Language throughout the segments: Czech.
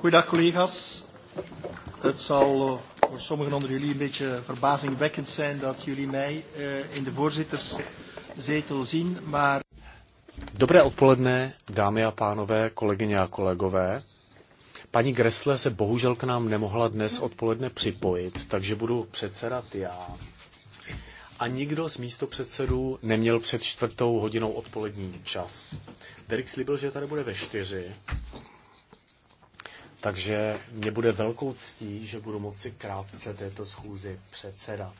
Goedendag collega's. Het zal eh, voor sommigen onder jullie een beetje verbazingwekkend zijn dat jullie mij eh, in de voorzitterszetel zien, maar... Dobré odpoledne, dámy a pánové, kolegyně a kolegové. Paní Gressle se bohužel k nám nemohla dnes odpoledne připojit, takže budu předsedat já a nikdo z místopředsedů neměl před čtvrtou hodinou odpolední čas. Derek slíbil, že tady bude ve čtyři, takže mě bude velkou ctí, že budu moci krátce této schůzi předsedat.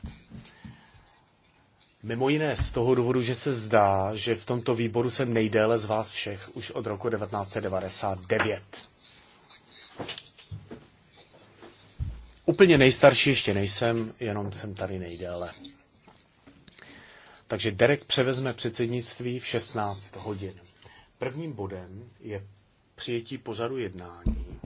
Mimo jiné z toho důvodu, že se zdá, že v tomto výboru jsem nejdéle z vás všech už od roku 1999. Úplně nejstarší ještě nejsem, jenom jsem tady nejdéle. Takže Derek převezme předsednictví v 16 hodin. Prvním bodem je přijetí pořadu jednání,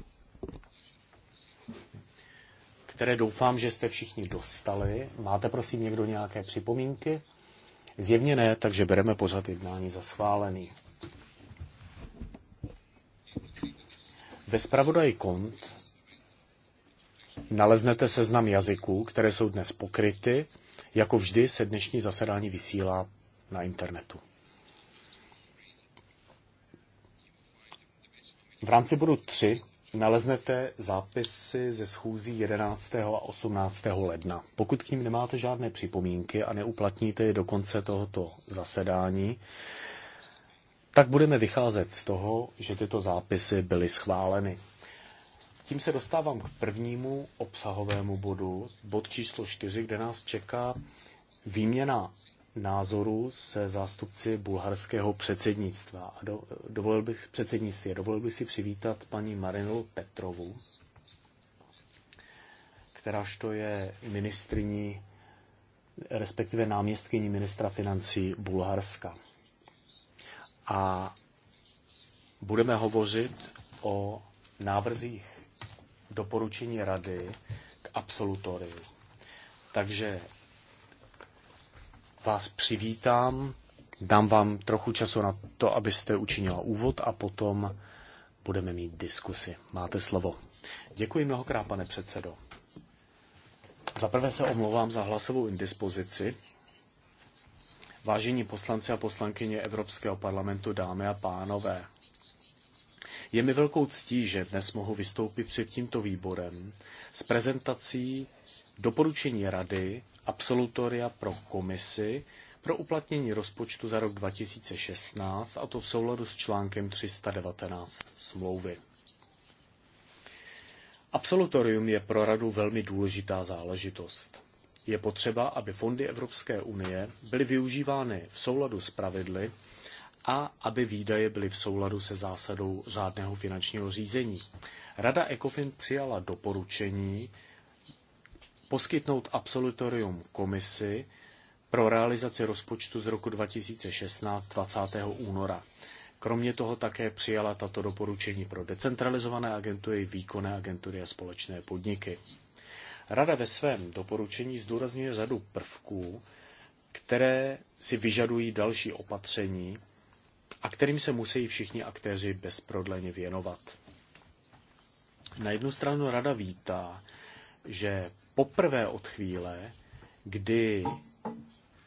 které doufám, že jste všichni dostali. Máte prosím někdo nějaké připomínky? Zjevně ne, takže bereme pořad jednání za schválený. Ve zpravodaji kont naleznete seznam jazyků, které jsou dnes pokryty jako vždy se dnešní zasedání vysílá na internetu. V rámci bodu 3 naleznete zápisy ze schůzí 11. a 18. ledna. Pokud k ním nemáte žádné připomínky a neuplatníte je do konce tohoto zasedání, tak budeme vycházet z toho, že tyto zápisy byly schváleny tím se dostávám k prvnímu obsahovému bodu, bod číslo 4, kde nás čeká výměna názoru se zástupci bulharského předsednictva. A do, dovolil bych předsednictví, dovolil bych si přivítat paní Marinu Petrovu, kteráž to je ministrní, respektive náměstkyní ministra financí Bulharska. A budeme hovořit o návrzích doporučení rady k absolutoriu. Takže vás přivítám, dám vám trochu času na to, abyste učinila úvod a potom budeme mít diskusy. Máte slovo. Děkuji mnohokrát, pane předsedo. Za prvé se omlouvám za hlasovou indispozici. Vážení poslanci a poslankyně Evropského parlamentu, dámy a pánové, je mi velkou ctí, že dnes mohu vystoupit před tímto výborem s prezentací doporučení Rady absolutoria pro komisi pro uplatnění rozpočtu za rok 2016, a to v souladu s článkem 319 smlouvy. Absolutorium je pro Radu velmi důležitá záležitost. Je potřeba, aby fondy Evropské unie byly využívány v souladu s pravidly, a aby výdaje byly v souladu se zásadou řádného finančního řízení. Rada ECOFIN přijala doporučení poskytnout absolutorium komisi pro realizaci rozpočtu z roku 2016 20. února. Kromě toho také přijala tato doporučení pro decentralizované agentury, výkonné agentury a společné podniky. Rada ve svém doporučení zdůrazňuje řadu prvků, které si vyžadují další opatření a kterým se musí všichni aktéři bezprodleně věnovat. Na jednu stranu rada vítá, že poprvé od chvíle, kdy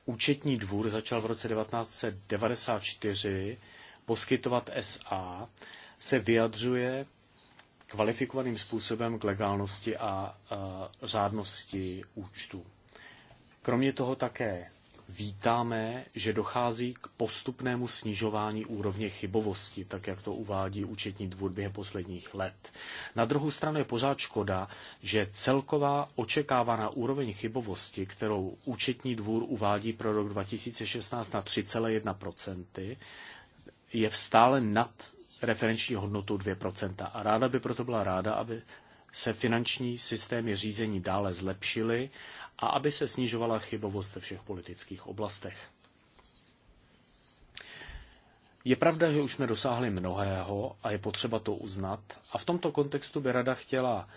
účetní dvůr začal v roce 1994 poskytovat SA, se vyjadřuje kvalifikovaným způsobem k legálnosti a, a řádnosti účtu. Kromě toho také vítáme, že dochází k postupnému snižování úrovně chybovosti, tak jak to uvádí účetní dvůr během posledních let. Na druhou stranu je pořád škoda, že celková očekávaná úroveň chybovosti, kterou účetní dvůr uvádí pro rok 2016 na 3,1%, je stále nad referenční hodnotu 2%. A ráda by proto byla ráda, aby se finanční systémy řízení dále zlepšily a aby se snižovala chybovost ve všech politických oblastech. Je pravda, že už jsme dosáhli mnohého a je potřeba to uznat. A v tomto kontextu by Rada chtěla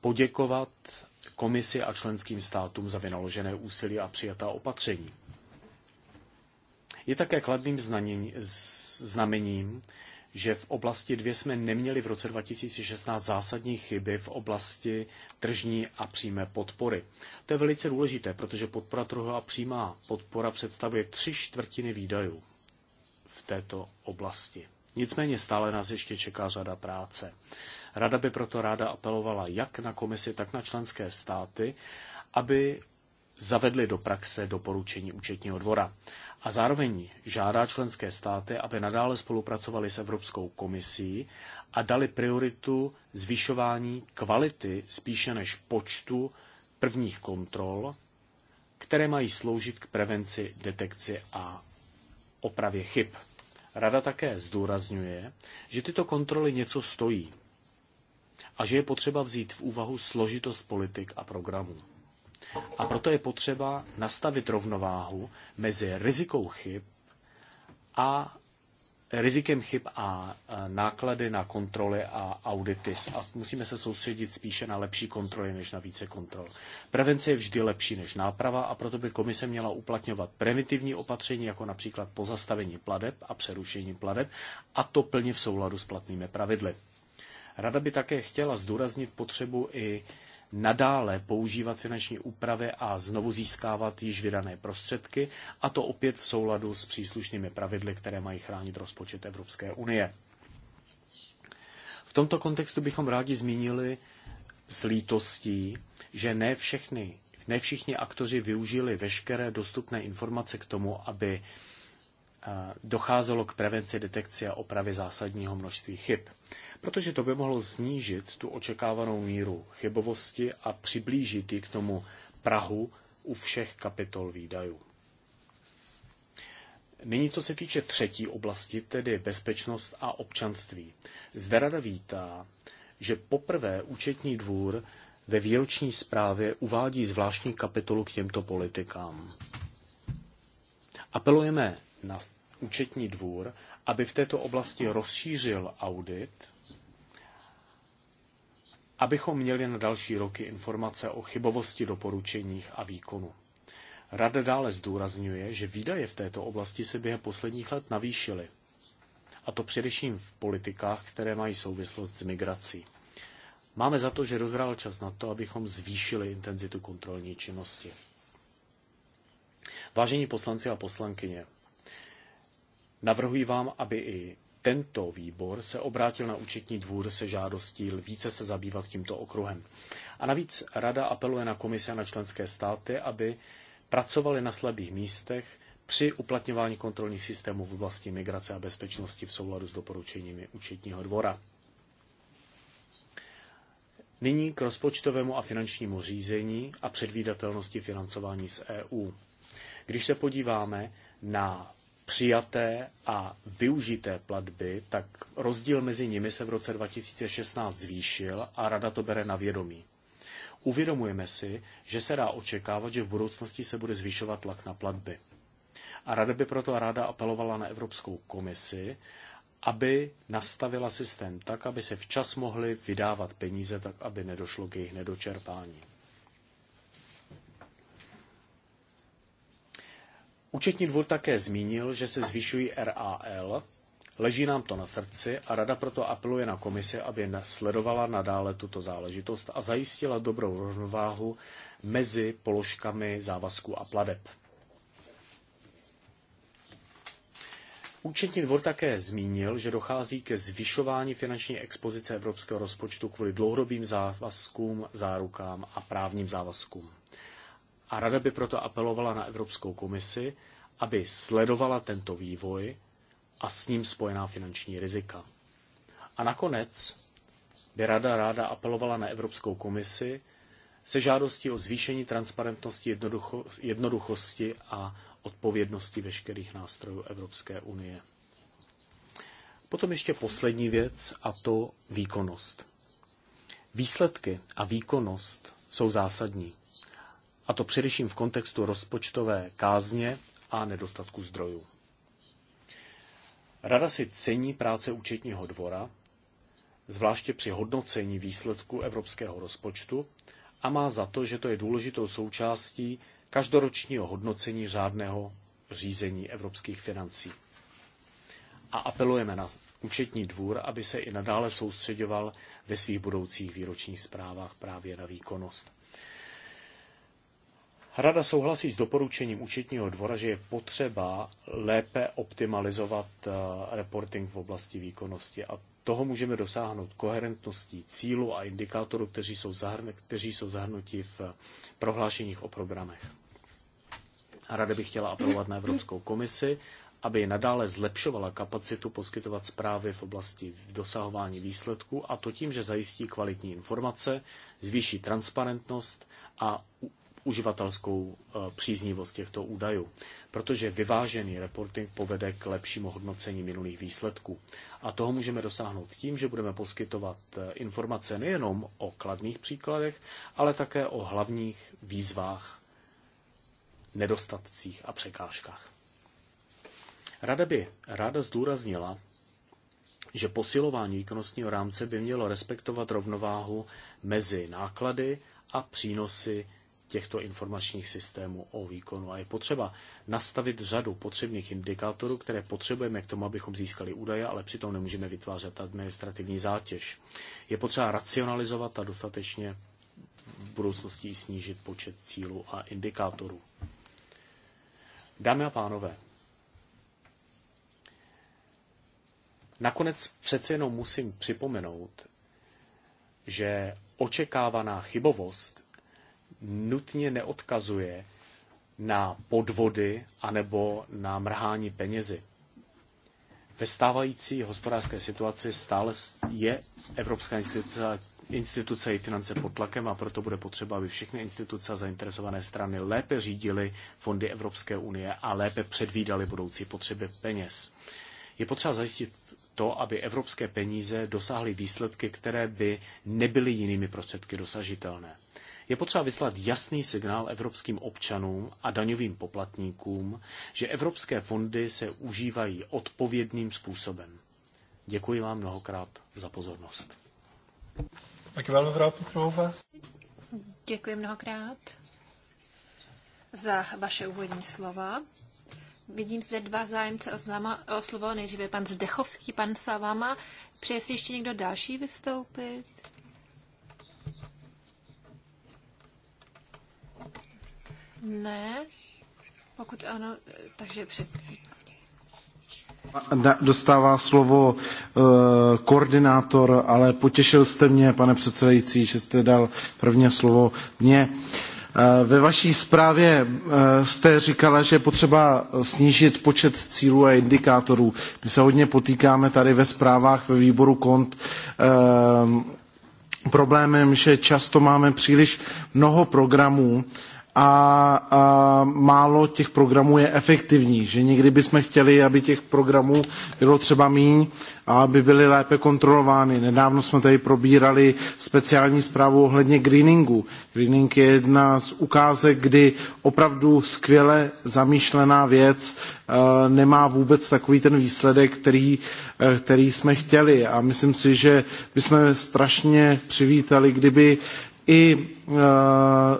poděkovat komisi a členským státům za vynaložené úsilí a přijatá opatření. Je také kladným znamením, že v oblasti dvě jsme neměli v roce 2016 zásadní chyby v oblasti tržní a přímé podpory. To je velice důležité, protože podpora trhu a přímá podpora představuje tři čtvrtiny výdajů v této oblasti. Nicméně stále nás ještě čeká řada práce. Rada by proto ráda apelovala jak na komisi, tak na členské státy, aby zavedli do praxe doporučení účetního dvora a zároveň žádá členské státy, aby nadále spolupracovali s Evropskou komisí a dali prioritu zvyšování kvality spíše než počtu prvních kontrol, které mají sloužit k prevenci, detekci a opravě chyb. Rada také zdůrazňuje, že tyto kontroly něco stojí a že je potřeba vzít v úvahu složitost politik a programů. A proto je potřeba nastavit rovnováhu mezi rizikou chyb a rizikem chyb a náklady na kontroly a audity. A musíme se soustředit spíše na lepší kontroly než na více kontrol. Prevence je vždy lepší než náprava a proto by komise měla uplatňovat primitivní opatření, jako například pozastavení pladeb a přerušení pladeb, a to plně v souladu s platnými pravidly. Rada by také chtěla zdůraznit potřebu i nadále používat finanční úpravy a znovu získávat již vydané prostředky, a to opět v souladu s příslušnými pravidly, které mají chránit rozpočet Evropské unie. V tomto kontextu bychom rádi zmínili s lítostí, že ne všechny ne všichni aktoři využili veškeré dostupné informace k tomu, aby docházelo k prevenci, detekci a opravě zásadního množství chyb. Protože to by mohlo znížit tu očekávanou míru chybovosti a přiblížit ji k tomu Prahu u všech kapitol výdajů. Nyní, co se týče třetí oblasti, tedy bezpečnost a občanství. Zde rada vítá, že poprvé účetní dvůr ve výroční zprávě uvádí zvláštní kapitolu k těmto politikám. Apelujeme na účetní dvůr, aby v této oblasti rozšířil audit, abychom měli na další roky informace o chybovosti doporučeních a výkonu. Rada dále zdůrazňuje, že výdaje v této oblasti se během posledních let navýšily, a to především v politikách, které mají souvislost s migrací. Máme za to, že dozrál čas na to, abychom zvýšili intenzitu kontrolní činnosti. Vážení poslanci a poslankyně, Navrhuji vám, aby i tento výbor se obrátil na účetní dvůr se žádostí více se zabývat tímto okruhem. A navíc rada apeluje na komise a na členské státy, aby pracovali na slabých místech při uplatňování kontrolních systémů v oblasti migrace a bezpečnosti v souladu s doporučeními účetního dvora. Nyní k rozpočtovému a finančnímu řízení a předvídatelnosti financování z EU. Když se podíváme na přijaté a využité platby, tak rozdíl mezi nimi se v roce 2016 zvýšil a rada to bere na vědomí. Uvědomujeme si, že se dá očekávat, že v budoucnosti se bude zvyšovat tlak na platby. A rada by proto ráda apelovala na Evropskou komisi, aby nastavila systém tak, aby se včas mohly vydávat peníze, tak aby nedošlo k jejich nedočerpání. Účetní dvůr také zmínil, že se zvyšují RAL, Leží nám to na srdci a rada proto apeluje na komisi, aby sledovala nadále tuto záležitost a zajistila dobrou rovnováhu mezi položkami závazků a pladeb. Účetní dvor také zmínil, že dochází ke zvyšování finanční expozice evropského rozpočtu kvůli dlouhodobým závazkům, zárukám a právním závazkům. A rada by proto apelovala na Evropskou komisi, aby sledovala tento vývoj a s ním spojená finanční rizika. A nakonec by rada ráda apelovala na Evropskou komisi se žádostí o zvýšení transparentnosti, jednoducho, jednoduchosti a odpovědnosti veškerých nástrojů Evropské unie. Potom ještě poslední věc a to výkonnost. Výsledky a výkonnost jsou zásadní a to především v kontextu rozpočtové kázně a nedostatku zdrojů. Rada si cení práce účetního dvora, zvláště při hodnocení výsledku evropského rozpočtu, a má za to, že to je důležitou součástí každoročního hodnocení řádného řízení evropských financí. A apelujeme na účetní dvůr, aby se i nadále soustředoval ve svých budoucích výročních zprávách právě na výkonnost. Rada souhlasí s doporučením účetního dvora, že je potřeba lépe optimalizovat eh, reporting v oblasti výkonnosti a toho můžeme dosáhnout koherentností cílu a indikátorů, kteří jsou, zahrn- kteří jsou zahrnuti v eh, prohlášeních o programech. Rada by chtěla apelovat na Evropskou komisi, aby nadále zlepšovala kapacitu poskytovat zprávy v oblasti dosahování výsledků a to tím, že zajistí kvalitní informace, zvýší transparentnost a uživatelskou eh, příznivost těchto údajů, protože vyvážený reporting povede k lepšímu hodnocení minulých výsledků. A toho můžeme dosáhnout tím, že budeme poskytovat eh, informace nejenom o kladných příkladech, ale také o hlavních výzvách, nedostatcích a překážkách. Rada by ráda zdůraznila, že posilování výkonnostního rámce by mělo respektovat rovnováhu mezi náklady a přínosy těchto informačních systémů o výkonu. A je potřeba nastavit řadu potřebných indikátorů, které potřebujeme k tomu, abychom získali údaje, ale přitom nemůžeme vytvářet administrativní zátěž. Je potřeba racionalizovat a dostatečně v budoucnosti snížit počet cílů a indikátorů. Dámy a pánové, nakonec přece jenom musím připomenout, že očekávaná chybovost nutně neodkazuje na podvody anebo na mrhání penězi. Ve stávající hospodářské situaci stále je Evropská instituce, instituce i finance pod tlakem a proto bude potřeba, aby všechny instituce a zainteresované strany lépe řídily fondy Evropské unie a lépe předvídaly budoucí potřeby peněz. Je potřeba zajistit to, aby evropské peníze dosáhly výsledky, které by nebyly jinými prostředky dosažitelné. Je potřeba vyslat jasný signál evropským občanům a daňovým poplatníkům, že evropské fondy se užívají odpovědným způsobem. Děkuji vám mnohokrát za pozornost. Děkuji mnohokrát za vaše úvodní slova. Vidím zde dva zájemce o, zlama, o slovo. Nejdříve pan Zdechovský, pan Savama. Přeje si ještě někdo další vystoupit? Ne. Pokud ano, takže před... Dostává slovo uh, koordinátor, ale potěšil jste mě, pane předsedající, že jste dal prvně slovo mně. Uh, ve vaší zprávě uh, jste říkala, že je potřeba snížit počet cílů a indikátorů. My se hodně potýkáme tady ve zprávách ve výboru KONT problémem, že často máme příliš mnoho programů a, a málo těch programů je efektivní, že někdy bychom chtěli, aby těch programů bylo třeba míň a aby byly lépe kontrolovány. Nedávno jsme tady probírali speciální zprávu ohledně greeningu. Greening je jedna z ukázek, kdy opravdu skvěle zamýšlená věc e, nemá vůbec takový ten výsledek, který, e, který jsme chtěli. A myslím si, že bychom strašně přivítali, kdyby i e,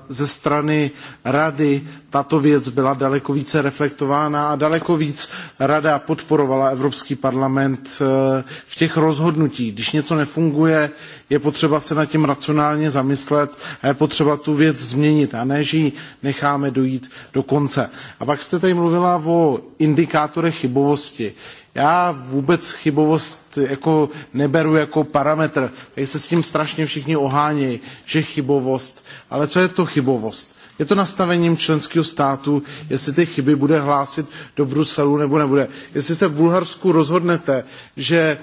ze strany rady tato věc byla daleko více reflektována a daleko víc rada podporovala Evropský parlament e, v těch rozhodnutích. Když něco nefunguje, je potřeba se nad tím racionálně zamyslet a je potřeba tu věc změnit a ne, že ji necháme dojít do konce. A pak jste tady mluvila o indikátorech chybovosti. Já vůbec chybovost jako neberu jako parametr. Tady se s tím strašně všichni ohánějí, že chybovost. Ale co je to chybovost? Je to nastavením členského státu, jestli ty chyby bude hlásit do Bruselu nebo nebude. Jestli se v Bulharsku rozhodnete, že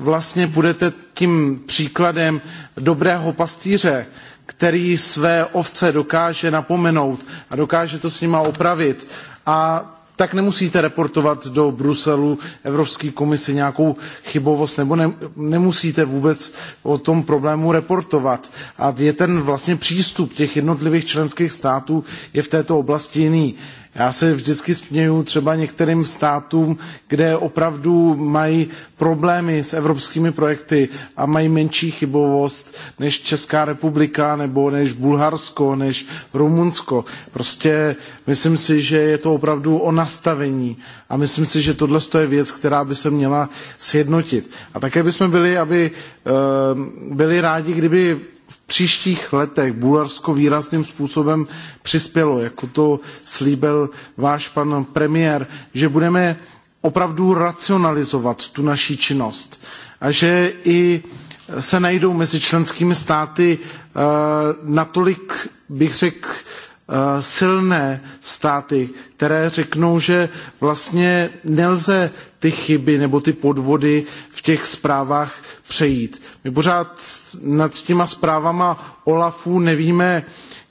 vlastně budete tím příkladem dobrého pastýře, který své ovce dokáže napomenout a dokáže to s nima opravit a tak nemusíte reportovat do bruselu evropské komisi nějakou chybovost nebo ne, nemusíte vůbec o tom problému reportovat a je ten vlastně přístup těch jednotlivých členských států je v této oblasti jiný. Já se vždycky směju třeba některým státům, kde opravdu mají problémy s evropskými projekty a mají menší chybovost než Česká republika nebo než Bulharsko, než Rumunsko. Prostě myslím si, že je to opravdu o nastavení a myslím si, že tohle je věc, která by se měla sjednotit. A také bychom byli, aby eh, byli rádi, kdyby v příštích letech Bulharsko výrazným způsobem přispělo, jako to slíbil váš pan premiér, že budeme opravdu racionalizovat tu naši činnost a že i se najdou mezi členskými státy eh, natolik, bych řekl, eh, silné státy, které řeknou, že vlastně nelze ty chyby nebo ty podvody v těch zprávách přejít. My pořád nad těma zprávama OLAFu nevíme,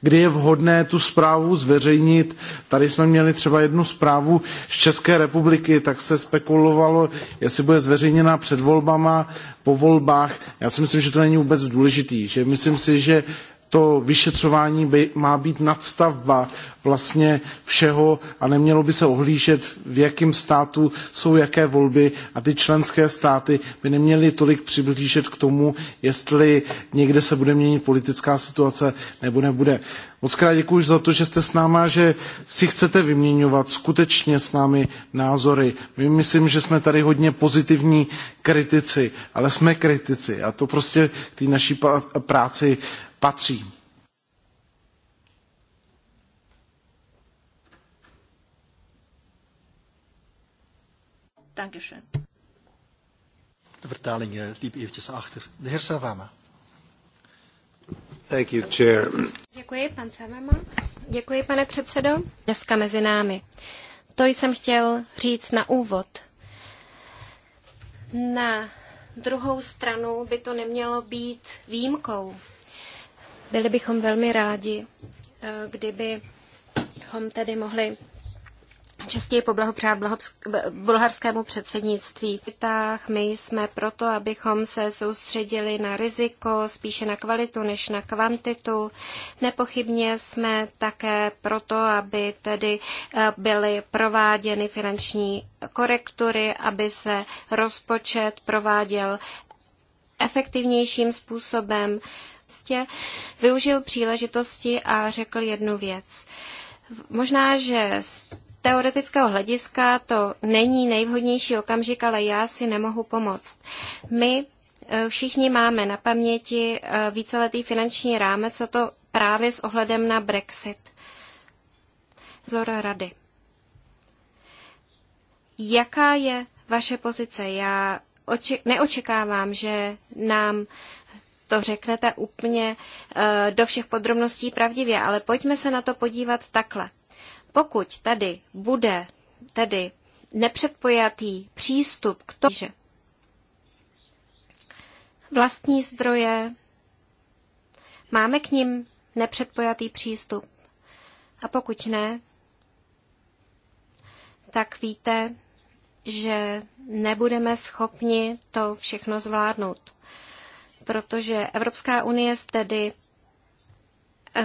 kdy je vhodné tu zprávu zveřejnit. Tady jsme měli třeba jednu zprávu z České republiky, tak se spekulovalo, jestli bude zveřejněna před volbama, po volbách. Já si myslím, že to není vůbec důležitý. Že myslím si, že to vyšetřování by, má být nadstavba vlastně všeho a nemělo by se ohlížet, v jakém státu jsou jaké volby a ty členské státy by neměly tolik přiblížet k tomu, jestli někde se bude měnit politická situace nebo nebude. Moc krát děkuji za to, že jste s náma, že si chcete vyměňovat skutečně s námi názory. My myslím, že jsme tady hodně pozitivní kritici, ale jsme kritici a to prostě k té naší práci patří. Dankeschön. De vertaling eh, liep eventjes achter. De heer Savama. Thank you, chair. Děkuji, pan Savama. Děkuji, pane předsedo. Dneska mezi námi. To jsem chtěl říct na úvod. Na druhou stranu by to nemělo být výjimkou byli bychom velmi rádi, eh, kdybychom tedy mohli častěji poblahopřát bulharskému předsednictví. My jsme proto, abychom se soustředili na riziko, spíše na kvalitu než na kvantitu. Nepochybně jsme také proto, aby tedy eh, byly prováděny finanční korektury, aby se rozpočet prováděl efektivnějším způsobem cestě, využil příležitosti a řekl jednu věc. Možná, že z teoretického hlediska to není nejvhodnější okamžik, ale já si nemohu pomoct. My eh, všichni máme na paměti eh, víceletý finanční rámec, co to právě s ohledem na Brexit. Zor rady. Jaká je vaše pozice? Já neočekávám, že nám to řeknete úplně eh, do všech podrobností pravdivě, ale pojďme se na to podívat takhle. Pokud tady bude tedy nepředpojatý přístup k tomu, že vlastní zdroje, máme k ním nepředpojatý přístup. A pokud ne, tak víte, že nebudeme schopni to všechno zvládnout protože Evropská unie tedy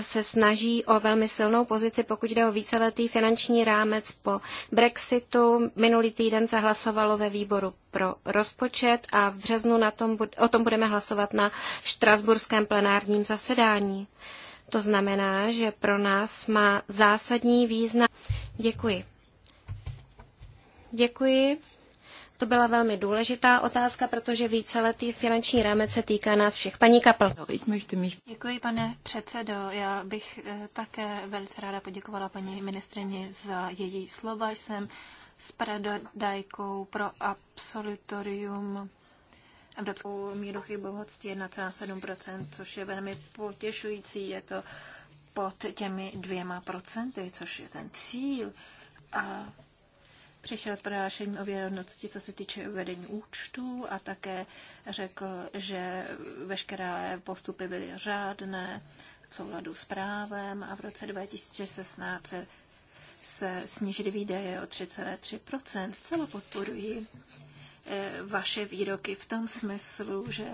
se snaží o velmi silnou pozici, pokud jde o víceletý finanční rámec po Brexitu. Minulý týden se hlasovalo ve výboru pro rozpočet a v březnu na tom, o tom budeme hlasovat na štrasburském plenárním zasedání. To znamená, že pro nás má zásadní význam. Děkuji. Děkuji. To byla velmi důležitá otázka, protože víceletý finanční rámec se týká nás všech. Paní Kapl. No, Děkuji, pane předsedo. Já bych eh, také velice ráda poděkovala paní ministrině za její slova. Jsem s pradodajkou pro absolutorium Evropskou míru chybovosti 1,7%, což je velmi potěšující. Je to pod těmi dvěma procenty, což je ten cíl. A přišel s prohlášením o věrnosti, co se týče uvedení účtu, a také řekl, že veškeré postupy byly řádné v souladu s právem a v roce 2016 se, se snížily výdaje o 3,3 Zcela podporuji eh, vaše výroky v tom smyslu, že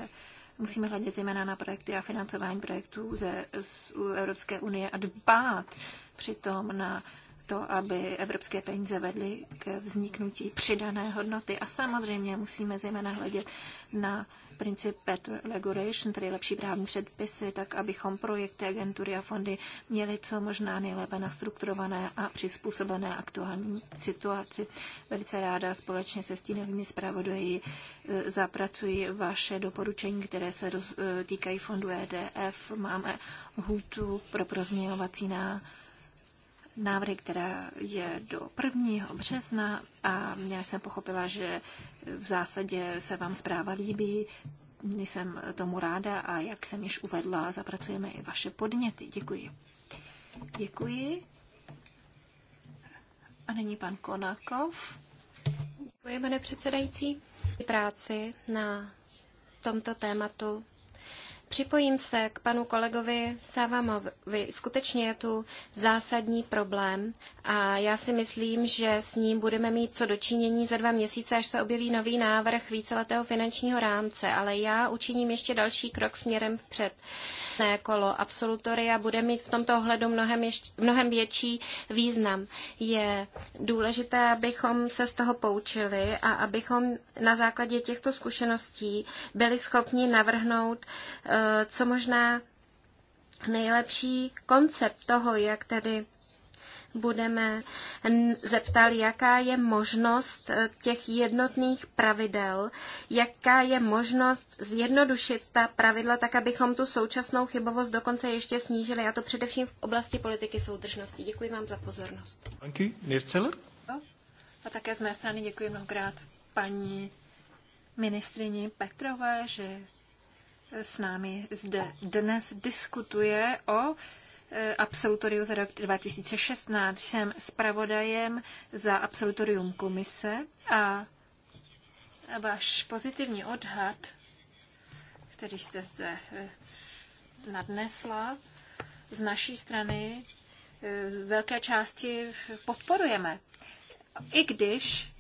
musíme hledět zejména na projekty a financování projektů ze z Evropské unie a dbát přitom na to, aby evropské peníze vedly k vzniknutí přidané hodnoty. A samozřejmě musíme zejména hledět na princip better regulation, tedy lepší právní předpisy, tak abychom projekty, agentury a fondy měli co možná nejlépe nastrukturované a přizpůsobené aktuální situaci. Velice ráda společně se stínovými zpravodaji e, zapracuji vaše doporučení, které se e, týkají fondu EDF. Máme hůtu pro prozměňovací na návrhy, která je do 1. března a já jsem pochopila, že v zásadě se vám zpráva líbí, jsem tomu ráda a jak jsem již uvedla, zapracujeme i vaše podněty. Děkuji. Děkuji. A nyní pan Konakov. Děkuji, pane předsedající. Práci na tomto tématu Připojím se k panu kolegovi Savamovi. Skutečně je tu zásadní problém a já si myslím, že s ním budeme mít co dočinění za dva měsíce, až se objeví nový návrh víceletého finančního rámce, ale já učiním ještě další krok směrem vpřed. Ne kolo absolutoria bude mít v tomto ohledu mnohem, ještě, mnohem větší význam. Je důležité, abychom se z toho poučili a abychom na základě těchto zkušeností byli schopni navrhnout eh, co možná nejlepší koncept toho, jak tedy budeme zeptali, jaká je možnost eh, těch jednotných pravidel, jaká je možnost zjednodušit ta pravidla tak, abychom tu současnou chybovost dokonce ještě snížili, a to především v oblasti politiky soudržnosti. Děkuji vám za pozornost. A také z mé strany děkuji mnohokrát paní ministrině Petrové, že s námi zde dnes diskutuje o e, absolutoriu za rok 2016. Jsem zpravodajem za absolutorium komise a váš pozitivní odhad, který jste zde e, nadnesla, z naší strany e, velké části podporujeme. I když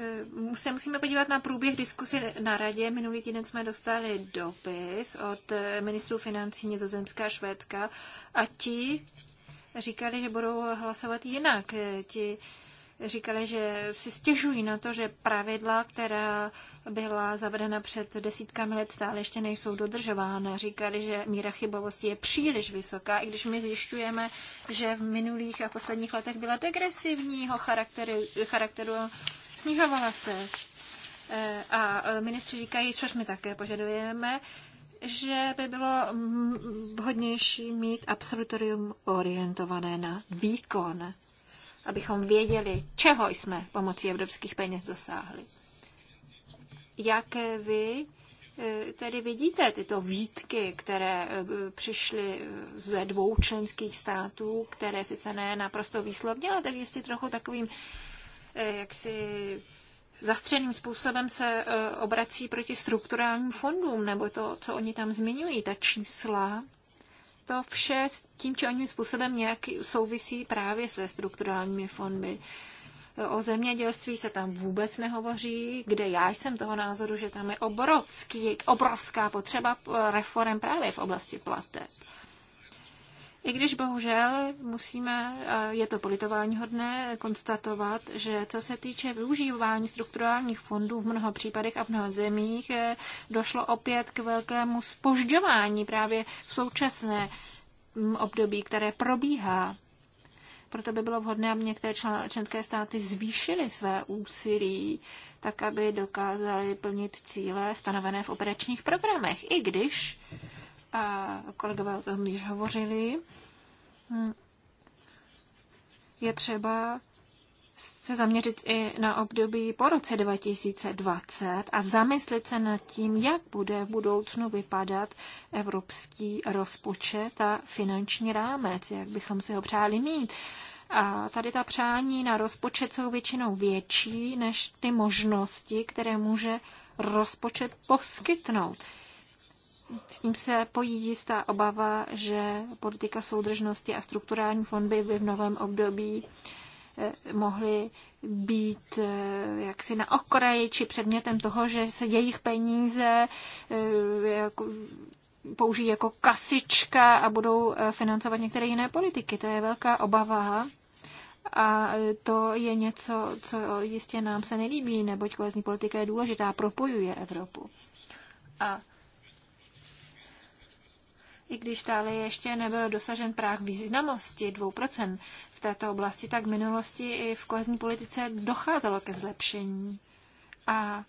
Eh, se musíme podívat na průběh diskuse na radě. Minulý týden jsme dostali dopis od eh, ministrů financí Nizozemská a Švédska a ti říkali, že budou hlasovat jinak. Eh, ti říkali, že si stěžují na to, že pravidla, která byla zavedena před desítkami let, stále ještě nejsou dodržována. Říkali, že míra chybovosti je příliš vysoká, i když my zjišťujeme, že v minulých a posledních letech byla degresivního charakteru, charakteru snižovala se. E, a e, ministři říkají, což my také požadujeme, že by bylo vhodnější mít absolutorium orientované na výkon, abychom věděli, čeho jsme pomocí evropských peněz dosáhli. Jak vy e, tedy vidíte tyto výtky, které přišly ze dvou členských států, které sice ne naprosto výslovně, ale tak jistě trochu takovým Eh, jaksi zastřeným způsobem se eh, obrací proti strukturálním fondům, nebo to, co oni tam zmiňují, ta čísla, to vše s tím, či oním způsobem nějak souvisí právě se strukturálními fondy. O zemědělství se tam vůbec nehovoří, kde já jsem toho názoru, že tam je obrovský, obrovská potřeba eh, reform právě v oblasti plateb. I když bohužel musíme, je to politování hodné, konstatovat, že co se týče využívání strukturálních fondů v mnoha případech a v mnoha zemích, eh, došlo opět k velkému spožďování právě v současné mm, období, které probíhá. Proto by bylo vhodné, aby některé členské státy zvýšily své úsilí, tak aby dokázaly plnit cíle stanovené v operačních programech, i když a kolegové o tom již hovořili, hm. je třeba se zaměřit i na období po roce 2020 a zamyslet se nad tím, jak bude v budoucnu vypadat evropský rozpočet a finanční rámec, jak bychom si ho přáli mít. A tady ta přání na rozpočet jsou většinou větší než ty možnosti, které může rozpočet poskytnout s ním se pojí jistá obava, že politika soudržnosti a strukturální fondy by v novém období eh, mohly být eh, jaksi na okraji či předmětem toho, že se jejich peníze eh, jako, použijí jako kasička a budou financovat některé jiné politiky. To je velká obava a to je něco, co jistě nám se nelíbí, neboť kohezní politika je důležitá, propojuje Evropu. A i když stále ještě nebyl dosažen práh významnosti 2% v této oblasti, tak v minulosti i v kohezní politice docházelo ke zlepšení. A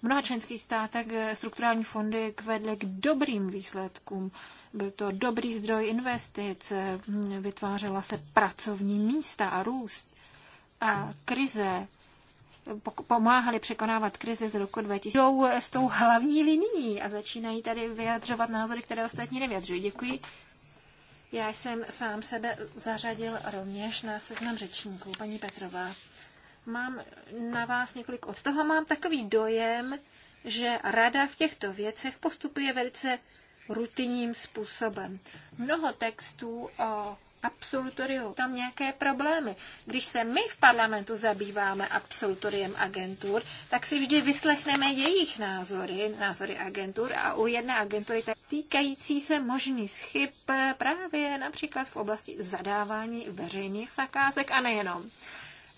v mnoha členských státech strukturální fondy vedly k dobrým výsledkům. Byl to dobrý zdroj investic, vytvářela se pracovní místa a růst. A krize pomáhali překonávat krizi z roku 2000, jdou eh, s tou hlavní linií a začínají tady vyjadřovat názory, které ostatní nevyjadřují. Děkuji. Já jsem sám sebe zařadil rovněž na seznam řečníků, paní Petrová. Mám na vás několik od toho. Mám takový dojem, že rada v těchto věcech postupuje velice rutinním způsobem. Mnoho textů o absolutorium. tam nějaké problémy. Když se my v parlamentu zabýváme absolutoriem agentur, tak si vždy vyslechneme jejich názory, názory agentur a u jedné agentury tak týkající se možných chyb právě například v oblasti zadávání veřejných zakázek a nejenom.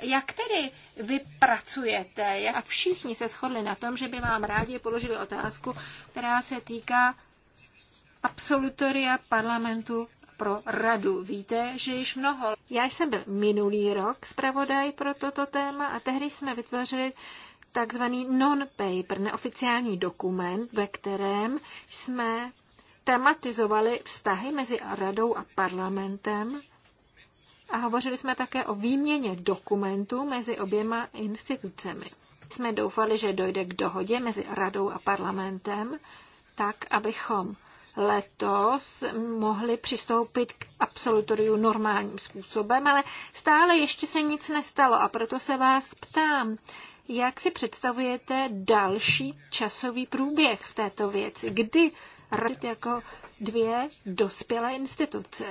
Jak tedy vy pracujete? A všichni se shodli na tom, že by vám rádi položili otázku, která se týká absolutoria parlamentu pro radu. Víte, že již mnoho. Já jsem byl minulý rok zpravodaj pro toto téma a tehdy jsme vytvořili takzvaný non-paper, neoficiální dokument, ve kterém jsme tematizovali vztahy mezi radou a parlamentem a hovořili jsme také o výměně dokumentů mezi oběma institucemi. Jsme doufali, že dojde k dohodě mezi radou a parlamentem, tak, abychom letos mohli přistoupit k absolutoriu normálním způsobem, ale stále ještě se nic nestalo a proto se vás ptám, jak si představujete další časový průběh v této věci? Kdy jako dvě dospělé instituce?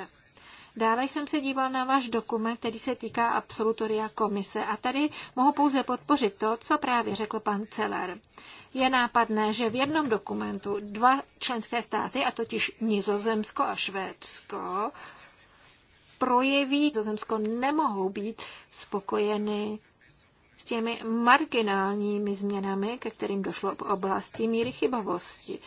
Dále jsem se díval na váš dokument, který se týká absolutoria komise a tady mohu pouze podpořit to, co právě řekl pan Celer. Je nápadné, že v jednom dokumentu dva členské státy, a totiž Nizozemsko a Švédsko, projeví Nizozemsko nemohou být spokojeny s těmi marginálními změnami, ke kterým došlo v oblasti míry chybovosti.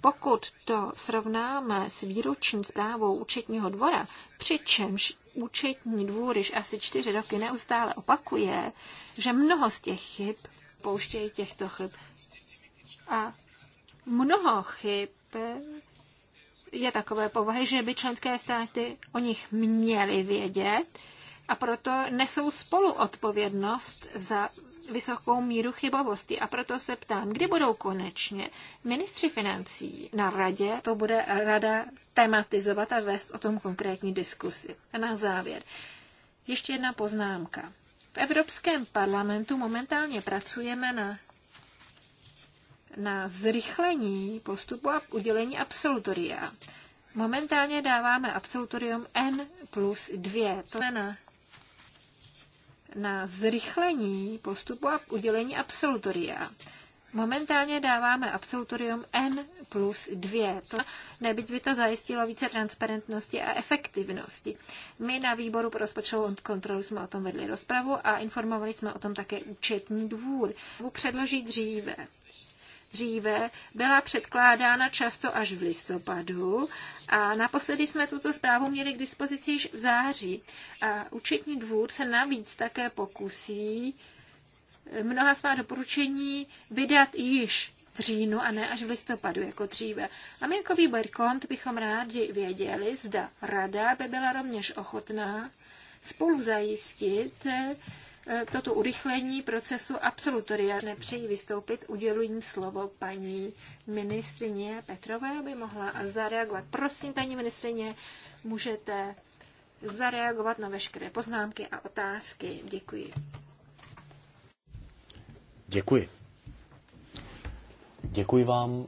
Pokud to srovnáme s výroční zprávou účetního dvora, přičemž účetní dvůr již asi čtyři roky neustále opakuje, že mnoho z těch chyb pouštějí těchto chyb. A mnoho chyb je takové povahy, že by členské státy o nich měly vědět a proto nesou spolu odpovědnost za vysokou míru chybovosti. A proto se ptám, kdy budou konečně ministři financí na radě, to bude rada tematizovat a vést o tom konkrétní diskusi. A na závěr, ještě jedna poznámka. V Evropském parlamentu momentálně pracujeme na na zrychlení postupu a udělení absolutoria. Momentálně dáváme absolutorium N plus 2, to je na na zrychlení postupu a udělení absolutoria. Momentálně dáváme absolutorium N plus 2. To nebyť by to zajistilo více transparentnosti a efektivnosti. My na výboru pro rozpočtovou kontrolu jsme o tom vedli rozpravu a informovali jsme o tom také účetní dvůr. Předloží dříve dříve byla předkládána často až v listopadu a naposledy jsme tuto zprávu měli k dispozici již v září. A účetní dvůr se navíc také pokusí mnoha svá doporučení vydat již v říjnu a ne až v listopadu, jako dříve. A my jako výbor kont bychom rádi věděli, zda rada by byla rovněž ochotná spolu zajistit toto urychlení procesu absolutoria. Nepřeji vystoupit, uděluji slovo paní ministrině Petrové, aby mohla zareagovat. Prosím, paní ministrině, můžete zareagovat na veškeré poznámky a otázky. Děkuji. Děkuji. Děkuji vám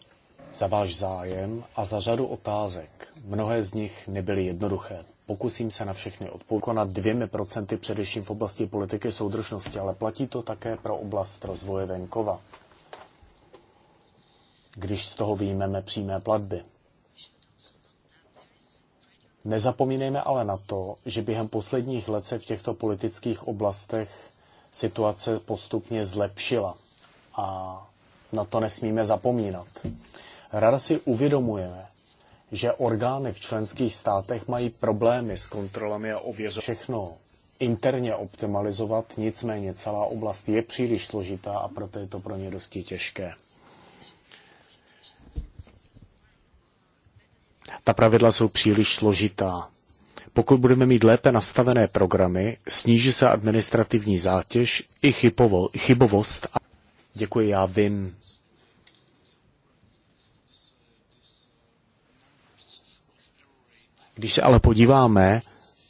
za váš zájem a za řadu otázek. Mnohé z nich nebyly jednoduché. Pokusím se na všechny odpovědět na dvěmi procenty především v oblasti politiky soudržnosti, ale platí to také pro oblast rozvoje venkova, když z toho výjmeme přímé platby. Nezapomínejme ale na to, že během posledních let se v těchto politických oblastech situace postupně zlepšila a na to nesmíme zapomínat. Rada si uvědomujeme, že orgány v členských státech mají problémy s kontrolami a ověřováním. Všechno interně optimalizovat, nicméně celá oblast je příliš složitá a proto je to pro ně dosti těžké. Ta pravidla jsou příliš složitá. Pokud budeme mít lépe nastavené programy, sníží se administrativní zátěž i chybovost. Děkuji, já vím, Když se ale podíváme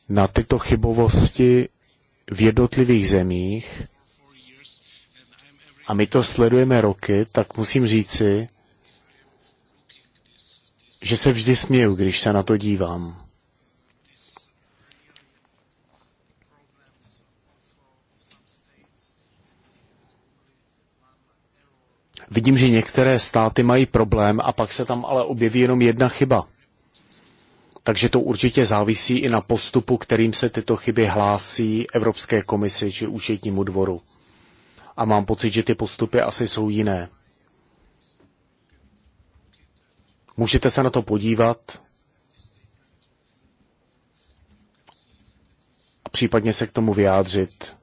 na tyto chybovosti v jednotlivých zemích, a my to sledujeme roky, tak musím říci, že se vždy směju, když se na to dívám. Vidím, že některé státy mají problém a pak se tam ale objeví jenom jedna chyba takže to určitě závisí i na postupu, kterým se tyto chyby hlásí Evropské komisi či účetnímu dvoru. A mám pocit, že ty postupy asi jsou jiné. Můžete se na to podívat a případně se k tomu vyjádřit.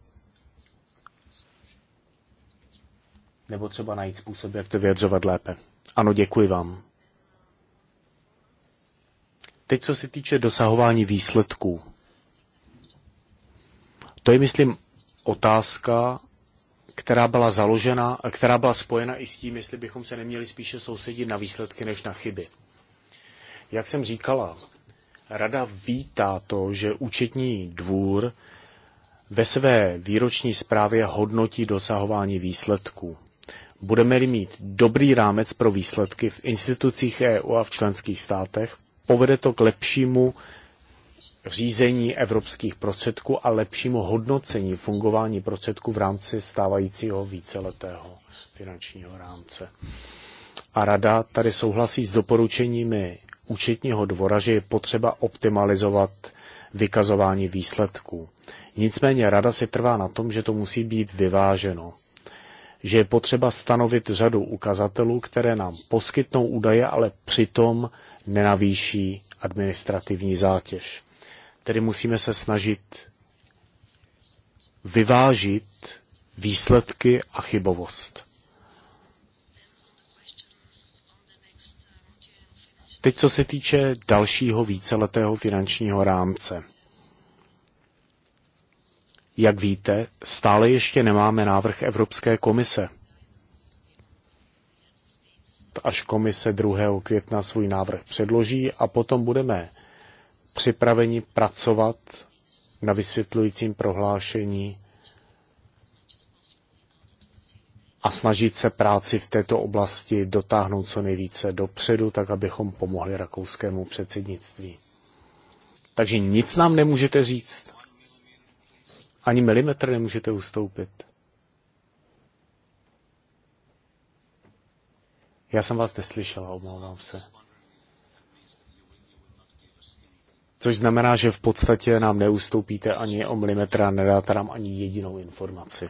Nebo třeba najít způsob, jak to vyjadřovat lépe. Ano, děkuji vám. Teď, co se týče dosahování výsledků. To je, myslím, otázka, která byla založena, která byla spojena i s tím, jestli bychom se neměli spíše sousedit na výsledky než na chyby. Jak jsem říkala, rada vítá to, že účetní dvůr ve své výroční zprávě hodnotí dosahování výsledků. Budeme-li mít dobrý rámec pro výsledky v institucích EU a v členských státech, povede to k lepšímu řízení evropských prostředků a lepšímu hodnocení fungování prostředků v rámci stávajícího víceletého finančního rámce. A rada tady souhlasí s doporučeními účetního dvora, že je potřeba optimalizovat vykazování výsledků. Nicméně rada se trvá na tom, že to musí být vyváženo že je potřeba stanovit řadu ukazatelů, které nám poskytnou údaje, ale přitom nenavýší administrativní zátěž. Tedy musíme se snažit vyvážit výsledky a chybovost. Teď co se týče dalšího víceletého finančního rámce. Jak víte, stále ještě nemáme návrh Evropské komise až komise 2. května svůj návrh předloží a potom budeme připraveni pracovat na vysvětlujícím prohlášení a snažit se práci v této oblasti dotáhnout co nejvíce dopředu, tak abychom pomohli rakouskému předsednictví. Takže nic nám nemůžete říct. Ani milimetr nemůžete ustoupit. Já jsem vás neslyšel, omlouvám se. Což znamená, že v podstatě nám neustoupíte ani o milimetr a nedáte nám ani jedinou informaci.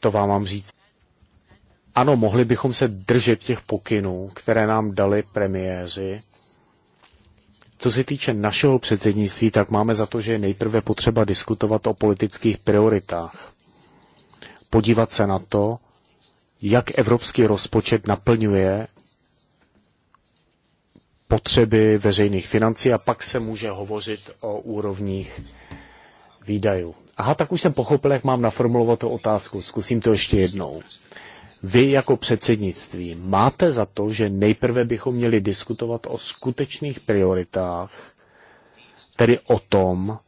To vám mám říct. Ano, mohli bychom se držet těch pokynů, které nám dali premiéři. Co se týče našeho předsednictví, tak máme za to, že je nejprve potřeba diskutovat o politických prioritách. Podívat se na to, jak evropský rozpočet naplňuje potřeby veřejných financí a pak se může hovořit o úrovních výdajů. Aha, tak už jsem pochopil, jak mám naformulovat tu otázku. Zkusím to ještě jednou. Vy jako předsednictví máte za to, že nejprve bychom měli diskutovat o skutečných prioritách, tedy o tom,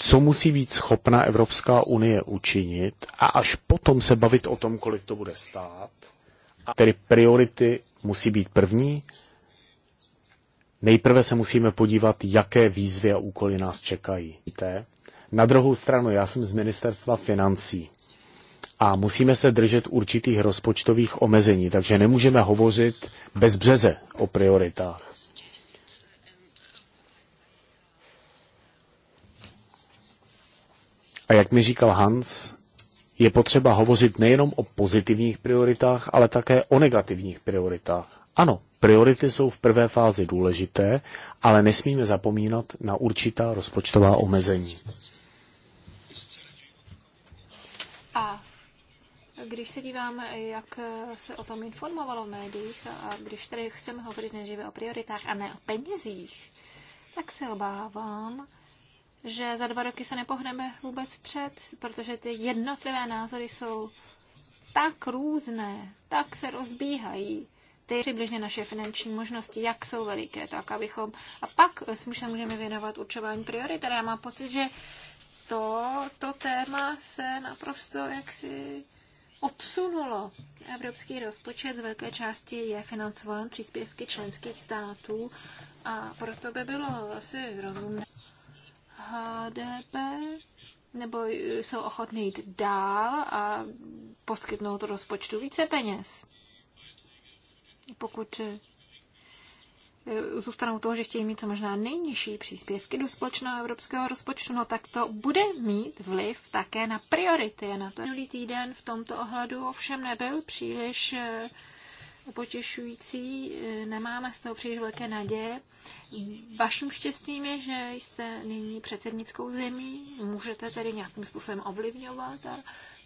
co musí být schopna Evropská unie učinit a až potom se bavit o tom, kolik to bude stát. A tedy priority musí být první. Nejprve se musíme podívat, jaké výzvy a úkoly nás čekají. Na druhou stranu, já jsem z ministerstva financí a musíme se držet určitých rozpočtových omezení, takže nemůžeme hovořit bez březe o prioritách. A jak mi říkal Hans, je potřeba hovořit nejenom o pozitivních prioritách, ale také o negativních prioritách. Ano, priority jsou v prvé fázi důležité, ale nesmíme zapomínat na určitá rozpočtová omezení. A když se díváme, jak se o tom informovalo v médiích, a když tady chceme hovořit nejdříve o prioritách a ne o penězích, tak se obávám, že za dva roky se nepohneme vůbec před, protože ty jednotlivé názory jsou tak různé, tak se rozbíhají ty přibližně naše finanční možnosti, jak jsou veliké, tak abychom... A pak se můžeme věnovat určování priorit, ale já mám pocit, že to, to téma se naprosto jaksi odsunulo. Evropský rozpočet z velké části je financován příspěvky členských států a proto by bylo asi rozumné HDP, nebo jsou ochotní jít dál a poskytnout rozpočtu více peněz. Pokud eh, zůstanou toho, že chtějí mít co možná nejnižší příspěvky do společného evropského rozpočtu, no tak to bude mít vliv také na priority. Na to minulý týden v tomto ohledu ovšem nebyl příliš eh, potěšující, e, nemáme z toho příliš velké naděje. Vaším štěstím je, že jste nyní předsednickou zemí, můžete tedy nějakým způsobem ovlivňovat a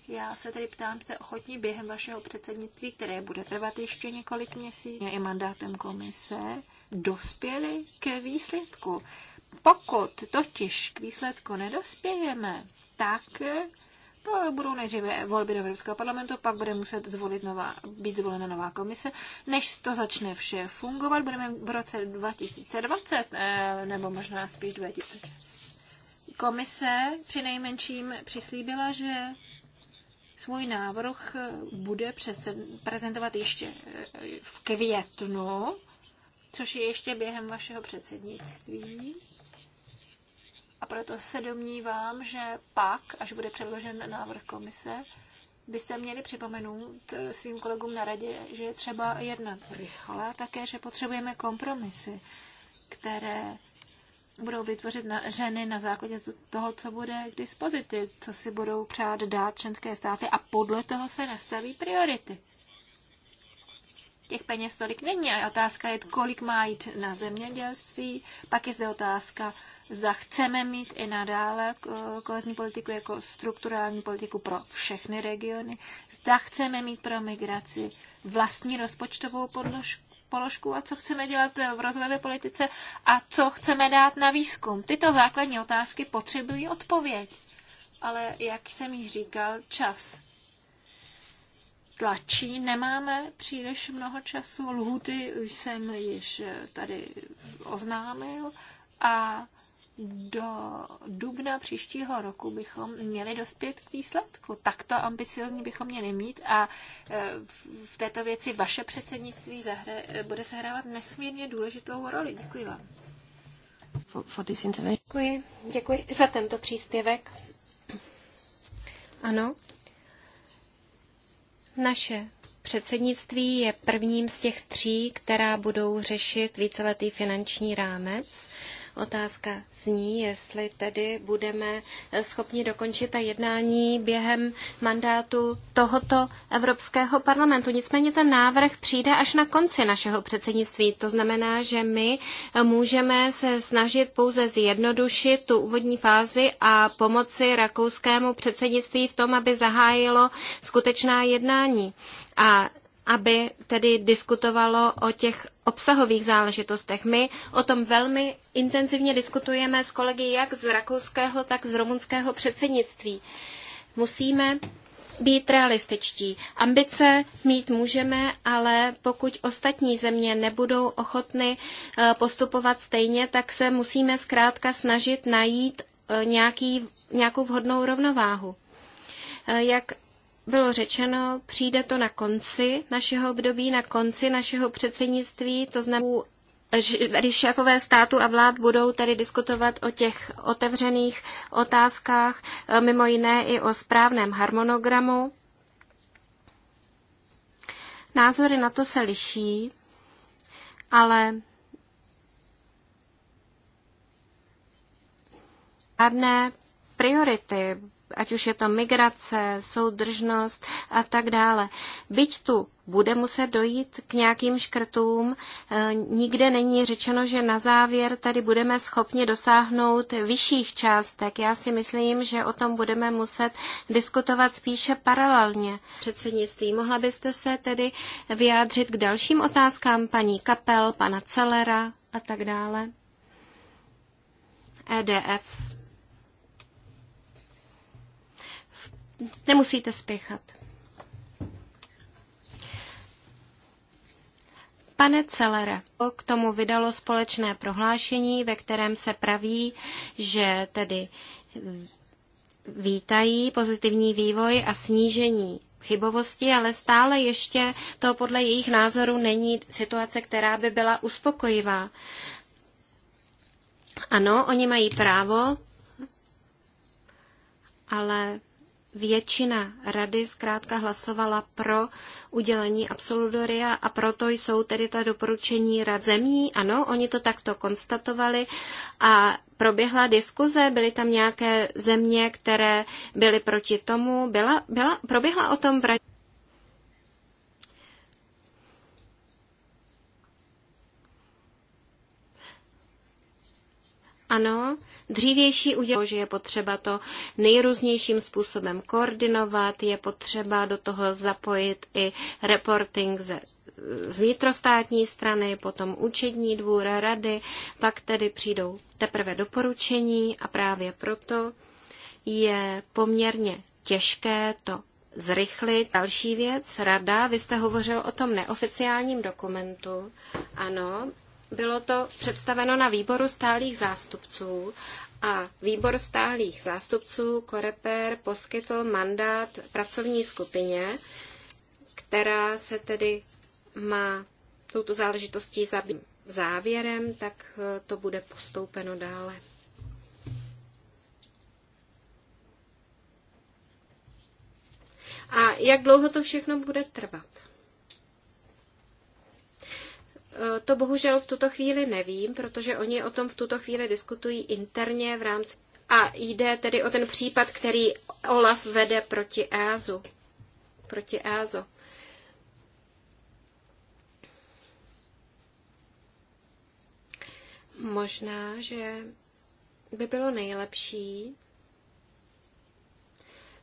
já se tedy ptám, jste ochotní během vašeho předsednictví, které bude trvat ještě několik měsíců, i mandátem komise, dospěli k výsledku. Pokud totiž k výsledku nedospějeme, tak budou nejdříve volby do Evropského parlamentu, pak bude muset zvolit nová, být zvolena nová komise. Než to začne vše fungovat, budeme v roce 2020, eh, nebo možná spíš 2020. Komise při nejmenším přislíbila, že svůj návrh bude prezentovat ještě eh, v květnu, což je ještě během vašeho předsednictví. A proto se domnívám, že pak, až bude předložen návrh komise, byste měli připomenout svým kolegům na radě, že je třeba jednat rychle také, že potřebujeme kompromisy, které budou vytvořit na, ženy na základě toho, co bude k dispozici, co si budou přát dát členské státy a podle toho se nastaví priority. Těch peněz tolik není a otázka je, kolik má jít na zemědělství, pak je zde otázka zda chceme mít i nadále kohezní politiku jako strukturální politiku pro všechny regiony, zda chceme mít pro migraci vlastní rozpočtovou podložku, položku a co chceme dělat v rozvojové politice a co chceme dát na výzkum. Tyto základní otázky potřebují odpověď. Ale jak jsem již říkal, čas tlačí, nemáme příliš mnoho času, lhuty jsem již tady oznámil a do dubna příštího roku bychom měli dospět k výsledku. Takto ambiciozní bychom měli mít a e, v této věci vaše předsednictví zahre, bude sehrávat nesmírně důležitou roli. Děkuji vám. For, for this děkuji, děkuji za tento příspěvek. Ano. Naše předsednictví je prvním z těch tří, která budou řešit víceletý finanční rámec. Otázka zní, jestli tedy budeme schopni dokončit ta jednání během mandátu tohoto Evropského parlamentu. Nicméně ten návrh přijde až na konci našeho předsednictví. To znamená, že my můžeme se snažit pouze zjednodušit tu úvodní fázi a pomoci rakouskému předsednictví v tom, aby zahájilo skutečná jednání. A aby tedy diskutovalo o těch obsahových záležitostech. My o tom velmi intenzivně diskutujeme s kolegy jak z rakouského, tak z rumunského předsednictví. Musíme být realističtí. Ambice mít můžeme, ale pokud ostatní země nebudou ochotny eh, postupovat stejně, tak se musíme zkrátka snažit najít eh, nějaký, nějakou vhodnou rovnováhu. Eh, jak bylo řečeno, přijde to na konci našeho období, na konci našeho předsednictví, to znamená, že tady šéfové státu a vlád budou tady diskutovat o těch otevřených otázkách, e, mimo jiné i o správném harmonogramu. Názory na to se liší, ale žádné priority ať už je to migrace, soudržnost a tak dále. Byť tu bude muset dojít k nějakým škrtům, e, nikde není řečeno, že na závěr tady budeme schopni dosáhnout vyšších částek. Já si myslím, že o tom budeme muset diskutovat spíše paralelně. Předsednictví, mohla byste se tedy vyjádřit k dalším otázkám paní Kapel, pana Celera a tak dále? EDF. nemusíte spěchat. Pane Celere, k tomu vydalo společné prohlášení, ve kterém se praví, že tedy vítají pozitivní vývoj a snížení chybovosti, ale stále ještě to podle jejich názoru není situace, která by byla uspokojivá. Ano, oni mají právo, ale většina rady zkrátka hlasovala pro udělení absolutoria a proto jsou tedy ta doporučení rad zemí. Ano, oni to takto konstatovali a proběhla diskuze, byly tam nějaké země, které byly proti tomu. Byla, byla, proběhla o tom v radě. Ano, dřívější udělalo, že je potřeba to nejrůznějším způsobem koordinovat, je potřeba do toho zapojit i reporting ze z vnitrostátní strany, potom účetní dvůr, rady, pak tedy přijdou teprve doporučení a právě proto je poměrně těžké to zrychlit. Další věc, rada, vy jste hovořil o tom neoficiálním dokumentu. Ano, bylo to představeno na výboru stálých zástupců a výbor stálých zástupců Koreper poskytl mandát pracovní skupině, která se tedy má touto záležitostí zabít závěrem, tak eh, to bude postoupeno dále. A jak dlouho to všechno bude trvat? Eh, to bohužel v tuto chvíli nevím, protože oni o tom v tuto chvíli diskutují interně v rámci. A jde tedy o ten případ, který Olaf vede proti Ázu. Proti EASO. Možná, že by bylo nejlepší,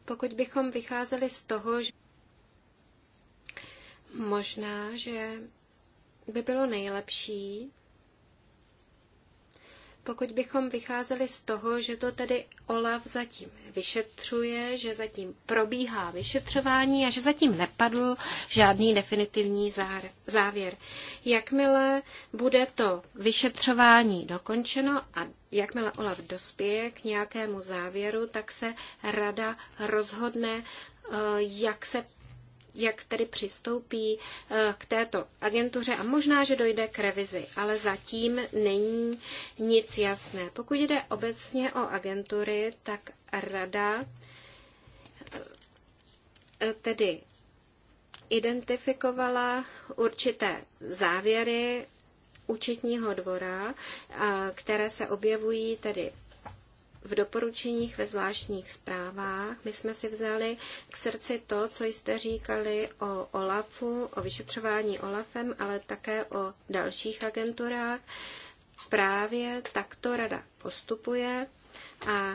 pokud bychom vycházeli z toho, že možná, že by bylo nejlepší, pokud bychom vycházeli z toho, že to tedy OLAF zatím vyšetřuje, že zatím probíhá vyšetřování a že zatím nepadl žádný definitivní závěr. Jakmile bude to vyšetřování dokončeno a jakmile OLAF dospěje k nějakému závěru, tak se rada rozhodne, eh, jak se jak tedy přistoupí eh, k této agentuře a možná, že dojde k revizi, ale zatím není nic jasné. Pokud jde obecně o agentury, tak rada eh, eh, tedy identifikovala určité závěry účetního dvora, které se objevují tedy v doporučeních, ve zvláštních zprávách. My jsme si vzali k srdci to, co jste říkali o OLAFu, o vyšetřování OLAFem, ale také o dalších agenturách. Právě takto rada postupuje a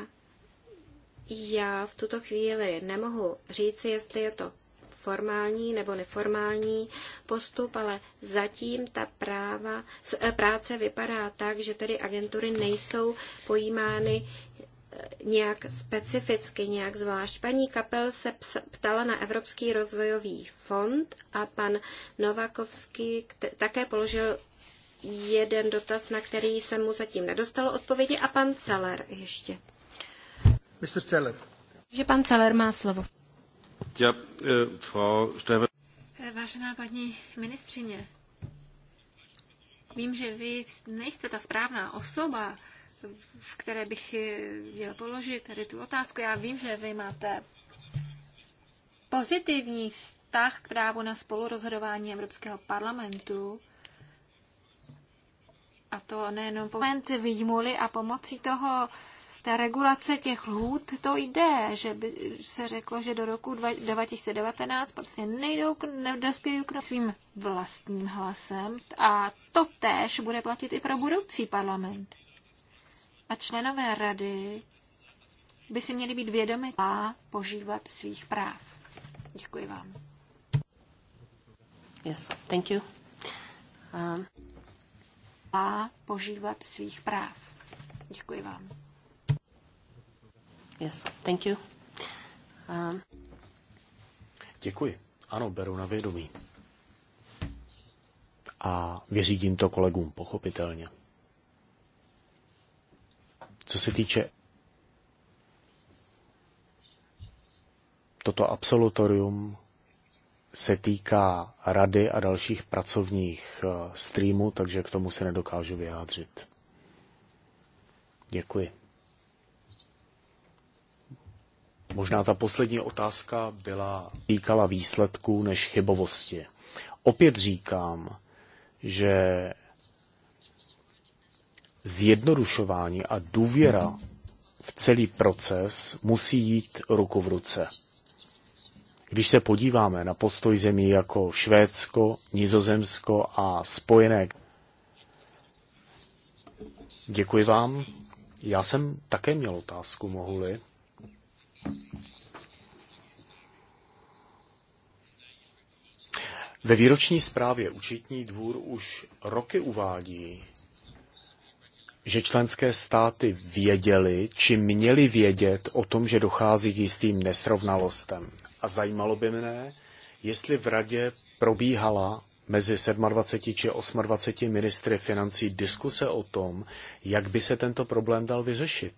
já v tuto chvíli nemohu říci, jestli je to formální nebo neformální postup, ale zatím ta práva, práce vypadá tak, že tedy agentury nejsou pojímány nějak specificky, nějak zvlášť. Paní Kapel se ptala na Evropský rozvojový fond a pan Novakovský také položil jeden dotaz, na který jsem mu zatím nedostalo odpovědi, a pan Celer ještě. Mr. Celer. Že pan Celer má slovo. Ja, äh, Frau Stever. E, vážená paní ministřině, vím, že vy nejste ta správná osoba, v které bych měl položit tady tu otázku. Já vím, že vy máte pozitivní vztah k právu na spolurozhodování Evropského parlamentu, a to nejenom moment výjmuly a pomocí toho ta regulace těch lhůt, to jde, že by se řeklo, že do roku 2019 prostě nejdou, nedospějí k svým vlastním hlasem a to též bude platit i pro budoucí parlament. A členové rady by si měli být vědomi a požívat svých práv. Děkuji vám. Yes, thank you. Um... A požívat svých práv. Děkuji vám. Yes, thank you. Um... Děkuji. Ano, beru na vědomí. A vyřídím to kolegům, pochopitelně. Co se týče toto absolutorium se týká rady a dalších pracovních eh, streamů, takže k tomu se nedokážu vyjádřit. Děkuji. Možná ta poslední otázka byla týkala výsledků než chybovosti. Opět říkám, že zjednodušování a důvěra v celý proces musí jít ruku v ruce. Když se podíváme na postoj zemí jako Švédsko, Nizozemsko a Spojené. Děkuji vám. Já jsem také měl otázku, mohu-li. Ve výroční zprávě účetní dvůr už roky uvádí, že členské státy věděly, či měly vědět o tom, že dochází k jistým nesrovnalostem. A zajímalo by mne, jestli v radě probíhala mezi 27 či 28 ministry financí diskuse o tom, jak by se tento problém dal vyřešit.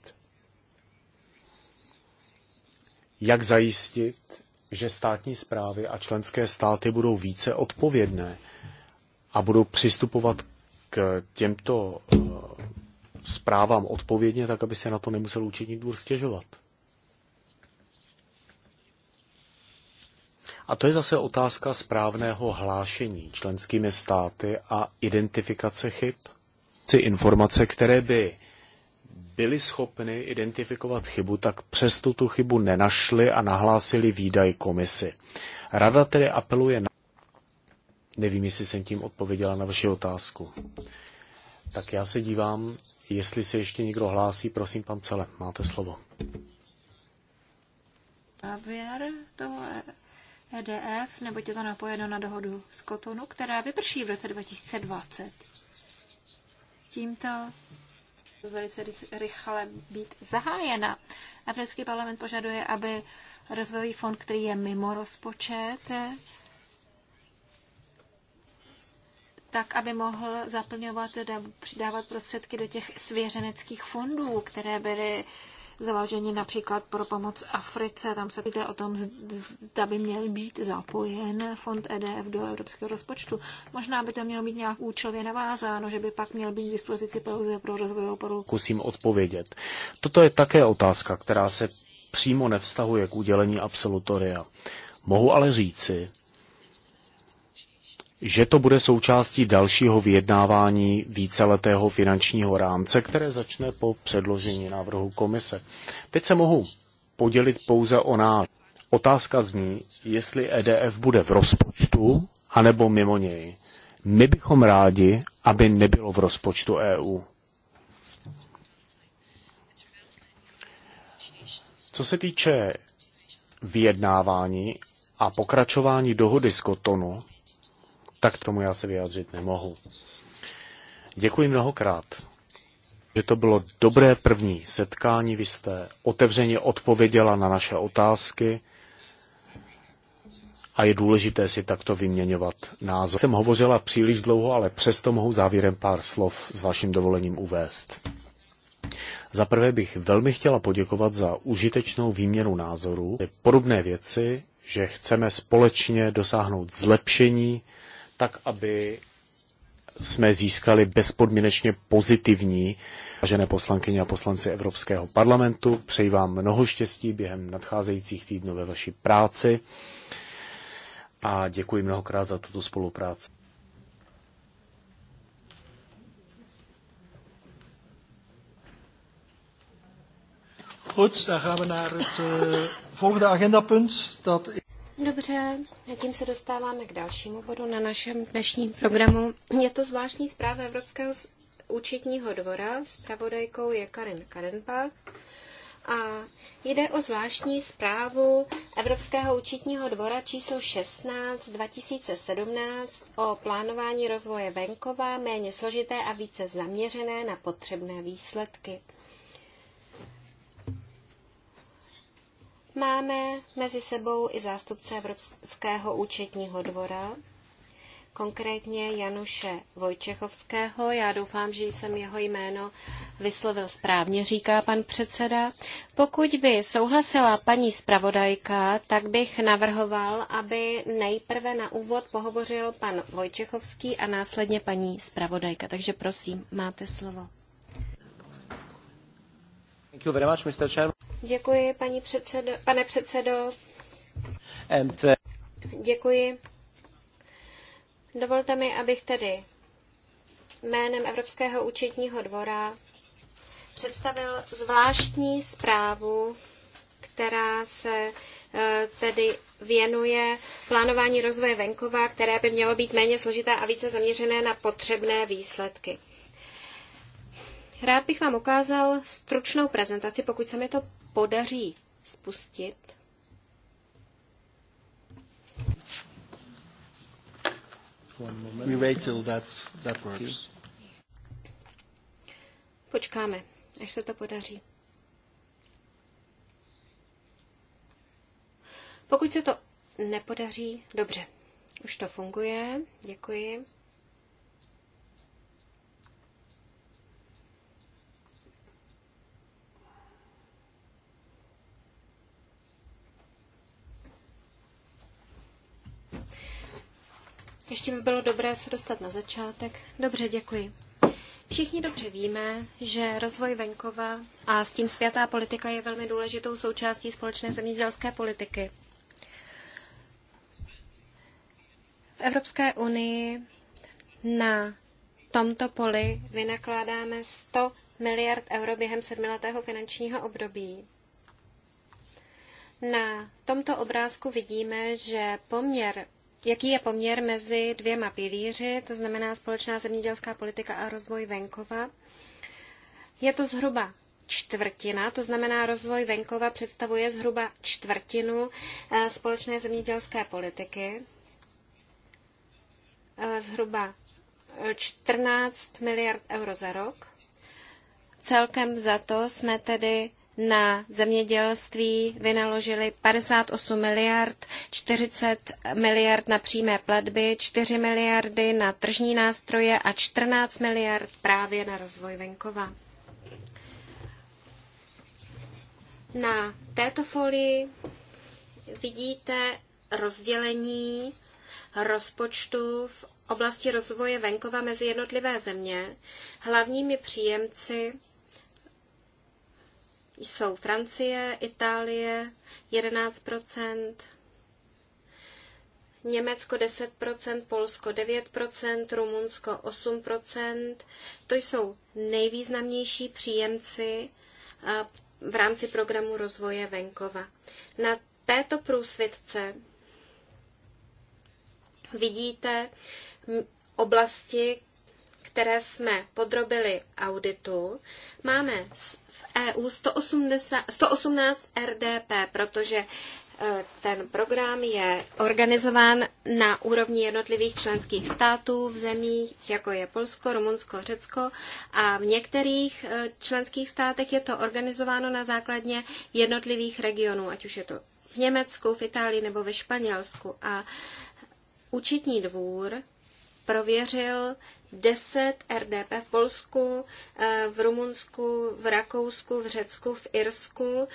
Jak zajistit, že státní zprávy a členské státy budou více odpovědné a budou přistupovat k těmto zprávám odpovědně, tak aby se na to nemusel účetní dvůr stěžovat. A to je zase otázka správného hlášení členskými státy a identifikace chyb. Ty informace, které by byly schopny identifikovat chybu, tak přesto tu chybu nenašli a nahlásili výdaj komisi. Rada tedy apeluje na... Nevím, jestli jsem tím odpověděla na vaši otázku. Tak já se dívám, jestli se ještě někdo hlásí. Prosím, pan Cele, máte slovo. Závěr to EDF, nebo je to napojeno na dohodu z Kotonu, která vyprší v roce 2020. Tímto velice rychle být zahájena. Evropský parlament požaduje, aby rozvojový fond, který je mimo rozpočet, tak, aby mohl zaplňovat, přidávat prostředky do těch svěřeneckých fondů, které byly založeny například pro pomoc Africe. Tam se jde o tom, zda by měl být zapojen fond EDF do evropského rozpočtu. Možná by to mělo být nějak účelově navázáno, že by pak měl být k dispozici pouze pro rozvoj. oporu. Kusím odpovědět. Toto je také otázka, která se přímo nevztahuje k udělení absolutoria. Mohu ale říci, že to bude součástí dalšího vyjednávání víceletého finančního rámce, které začne po předložení návrhu komise. Teď se mohu podělit pouze o náš. Otázka zní, jestli EDF bude v rozpočtu anebo mimo něj. My bychom rádi, aby nebylo v rozpočtu EU. Co se týče vyjednávání a pokračování dohody z Kotonu, tak tomu já se vyjádřit nemohu. Děkuji mnohokrát, že to bylo dobré první setkání. Vy jste otevřeně odpověděla na naše otázky a je důležité si takto vyměňovat názor. Jsem hovořila příliš dlouho, ale přesto mohu závěrem pár slov s vaším dovolením uvést. Za prvé bych velmi chtěla poděkovat za užitečnou výměnu názorů. Podobné věci, že chceme společně dosáhnout zlepšení tak aby jsme získali bezpodmínečně pozitivní. Vážené poslankyně a poslanci Evropského parlamentu, přeji vám mnoho štěstí během nadcházejících týdnů ve vaší práci a děkuji mnohokrát za tuto spolupráci. Goed, dan gaan we naar het uh, volgende agendapunt. Dat Dobře, a tím se dostáváme k dalšímu bodu na našem dnešním programu. Je to zvláštní zpráva Evropského účetního dvora, Spravodajkou je Karin Karenbach a jde o zvláštní zprávu Evropského účetního dvora číslo 16 2017 o plánování rozvoje venkova, méně složité a více zaměřené na potřebné výsledky. Máme mezi sebou i zástupce Evropského účetního dvora, konkrétně Januše Vojčechovského. Já doufám, že jsem jeho jméno vyslovil správně, říká pan předseda. Pokud by souhlasila paní zpravodajka, tak bych navrhoval, aby nejprve na úvod pohovořil pan Vojčechovský a následně paní zpravodajka. Takže prosím, máte slovo. Thank you very much, Mr. Chairman. Děkuji, paní předsedo, pane předsedo. And, uh... Děkuji. Dovolte mi, abych tedy jménem Evropského účetního dvora představil zvláštní zprávu, která se eh, tedy věnuje plánování rozvoje venkova, které by mělo být méně složité a více zaměřené na potřebné výsledky. Rád bych vám ukázal stručnou prezentaci, pokud se mi to podaří spustit. Počkáme, až se to podaří. Pokud se to nepodaří, dobře. Už to funguje, děkuji. Ještě by bylo dobré se dostat na začátek. Dobře, děkuji. Všichni dobře víme, že rozvoj venkova a s tím světá politika je velmi důležitou součástí společné zemědělské politiky. V Evropské unii na tomto poli vynakládáme 100 miliard euro během sedmiletého finančního období. Na tomto obrázku vidíme, že poměr jaký je poměr mezi dvěma pilíři, to znamená společná zemědělská politika a rozvoj venkova. Je to zhruba čtvrtina, to znamená rozvoj venkova představuje zhruba čtvrtinu eh, společné zemědělské politiky. Eh, zhruba 14 eh, miliard euro za rok. Celkem za to jsme tedy na zemědělství vynaložili 58 miliard, 40 miliard na přímé platby, 4 miliardy na tržní nástroje a 14 miliard právě na rozvoj venkova. Na této folii vidíte rozdělení rozpočtu v oblasti rozvoje venkova mezi jednotlivé země. Hlavními příjemci jsou Francie, Itálie 11 Německo 10%, Polsko 9%, Rumunsko 8%. To jsou nejvýznamnější příjemci v rámci programu rozvoje venkova. Na této průsvědce vidíte oblasti, které jsme podrobili auditu, máme v EU 180, 118 RDP, protože e, ten program je organizován na úrovni jednotlivých členských států v zemích, jako je Polsko, Rumunsko, Řecko a v některých e, členských státech je to organizováno na základně jednotlivých regionů, ať už je to v Německu, v Itálii nebo ve Španělsku. A účetní dvůr prověřil 10 RDP v Polsku, eh, v Rumunsku, v Rakousku, v Řecku, v Irsku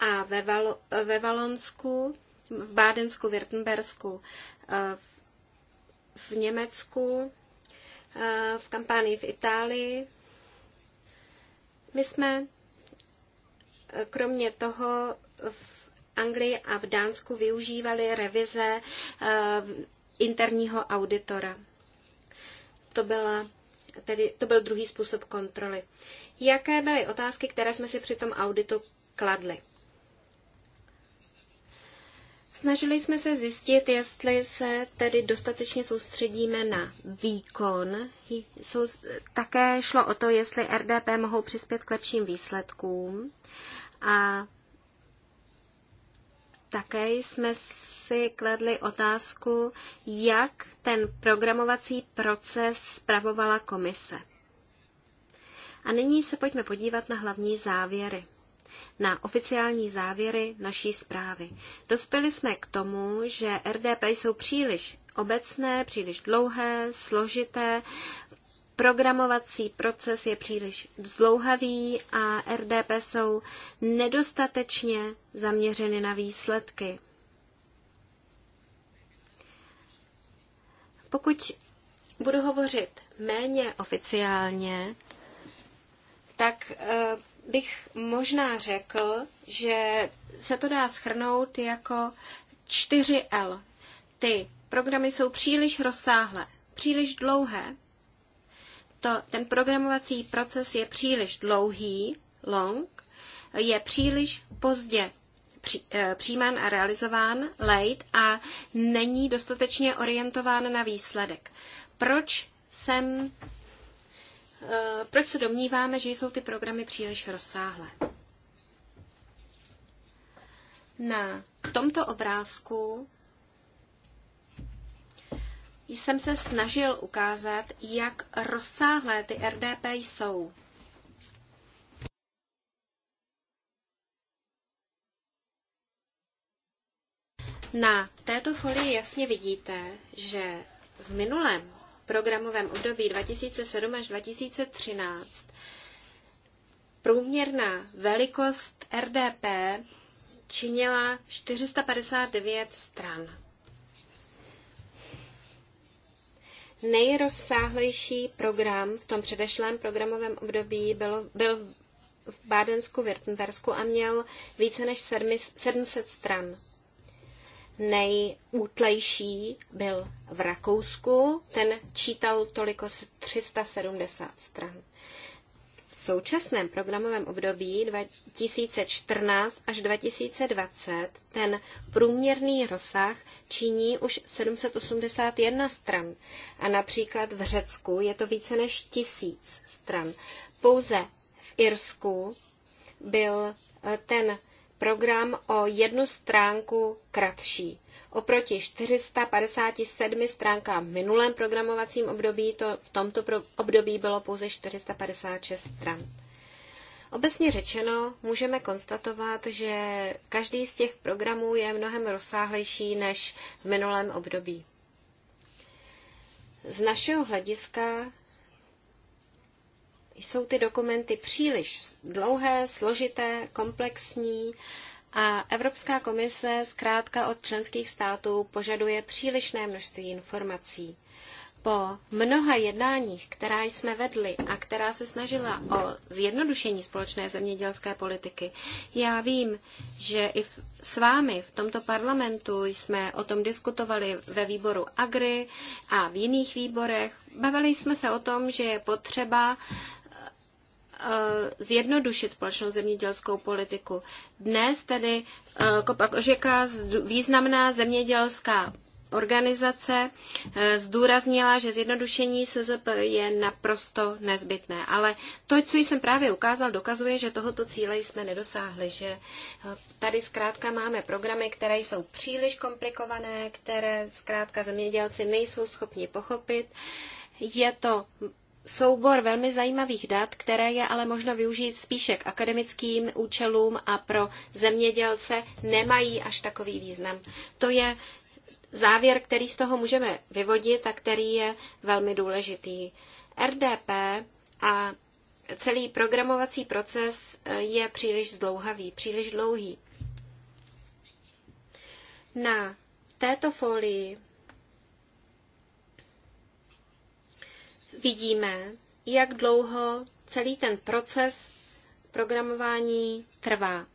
a ve, Val- ve Valonsku, v Bádensku, Württembersku, eh, v Německu, eh, v kampánii v Itálii. My jsme kromě toho v Anglii a v Dánsku využívali revize interního auditora. To byla tedy to byl druhý způsob kontroly. Jaké byly otázky, které jsme si při tom auditu kladli? Snažili jsme se zjistit, jestli se tedy dostatečně soustředíme na výkon. také šlo o to, jestli RDP mohou přispět k lepším výsledkům. A také jsme si kladli otázku, jak ten programovací proces spravovala komise. A nyní se pojďme podívat na hlavní závěry. Na oficiální závěry naší zprávy. Dospěli jsme k tomu, že RDP jsou příliš obecné, příliš dlouhé, složité, programovací proces je příliš zdlouhavý a RDP jsou nedostatečně zaměřeny na výsledky. Pokud budu hovořit méně oficiálně, tak eh, bych možná řekl, že se to dá schrnout jako 4L. Ty programy jsou příliš rozsáhlé, příliš dlouhé. To, ten programovací proces je příliš dlouhý, long, je příliš pozdě při, eh, přijímán a realizován late a není dostatečně orientován na výsledek. Proč jsem, eh, proč se domníváme, že jsou ty programy příliš rozsáhlé? Na tomto obrázku jsem se snažil ukázat, jak rozsáhlé ty RDP jsou. Na této folii jasně vidíte, že v minulém programovém období 2007 až 2013 průměrná velikost RDP činila 459 stran. Nejrozsáhlejší program v tom předešlém programovém období byl, byl v Bádensku, Württembersku a měl více než 700 stran nejútlejší byl v Rakousku, ten čítal toliko 370 stran. V současném programovém období 2014 až 2020 ten průměrný rozsah činí už 781 stran a například v Řecku je to více než tisíc stran. Pouze v Irsku byl eh, ten program o jednu stránku kratší. Oproti 457 stránkám v minulém programovacím období to v tomto období bylo pouze 456 stran. Obecně řečeno, můžeme konstatovat, že každý z těch programů je mnohem rozsáhlejší než v minulém období. Z našeho hlediska jsou ty dokumenty příliš dlouhé, složité, komplexní a Evropská komise zkrátka od členských států požaduje přílišné množství informací. Po mnoha jednáních, která jsme vedli a která se snažila o zjednodušení společné zemědělské politiky, já vím, že i s vámi v tomto parlamentu jsme o tom diskutovali ve výboru Agri a v jiných výborech. Bavili jsme se o tom, že je potřeba Eh, zjednodušit společnou zemědělskou politiku. Dnes tedy eh, Kopak Ožeka, významná zemědělská organizace, eh, zdůraznila, že zjednodušení SZP je naprosto nezbytné. Ale to, co jsem právě ukázal, dokazuje, že tohoto cíle jsme nedosáhli, že tady zkrátka máme programy, které jsou příliš komplikované, které zkrátka zemědělci nejsou schopni pochopit. Je to soubor velmi zajímavých dat, které je ale možno využít spíše k akademickým účelům a pro zemědělce nemají až takový význam. To je závěr, který z toho můžeme vyvodit a který je velmi důležitý. RDP a celý programovací proces eh, je příliš zdlouhavý, příliš dlouhý. Na této folii vidíme, jak dlouho celý ten proces programování trvá.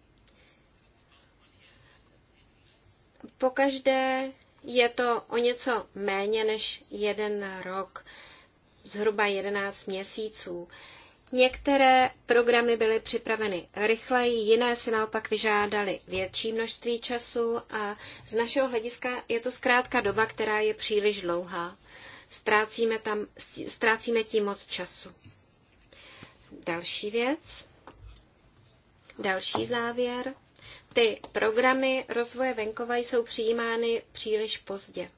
Pokaždé je to o něco méně než jeden rok, zhruba 11 měsíců. Některé programy byly připraveny rychleji, jiné si naopak vyžádaly větší množství času a z našeho hlediska je to zkrátka doba, která je příliš dlouhá ztrácíme, tam, ztrácíme tím moc času. Další věc, další závěr. Ty programy rozvoje venkova jsou přijímány příliš pozdě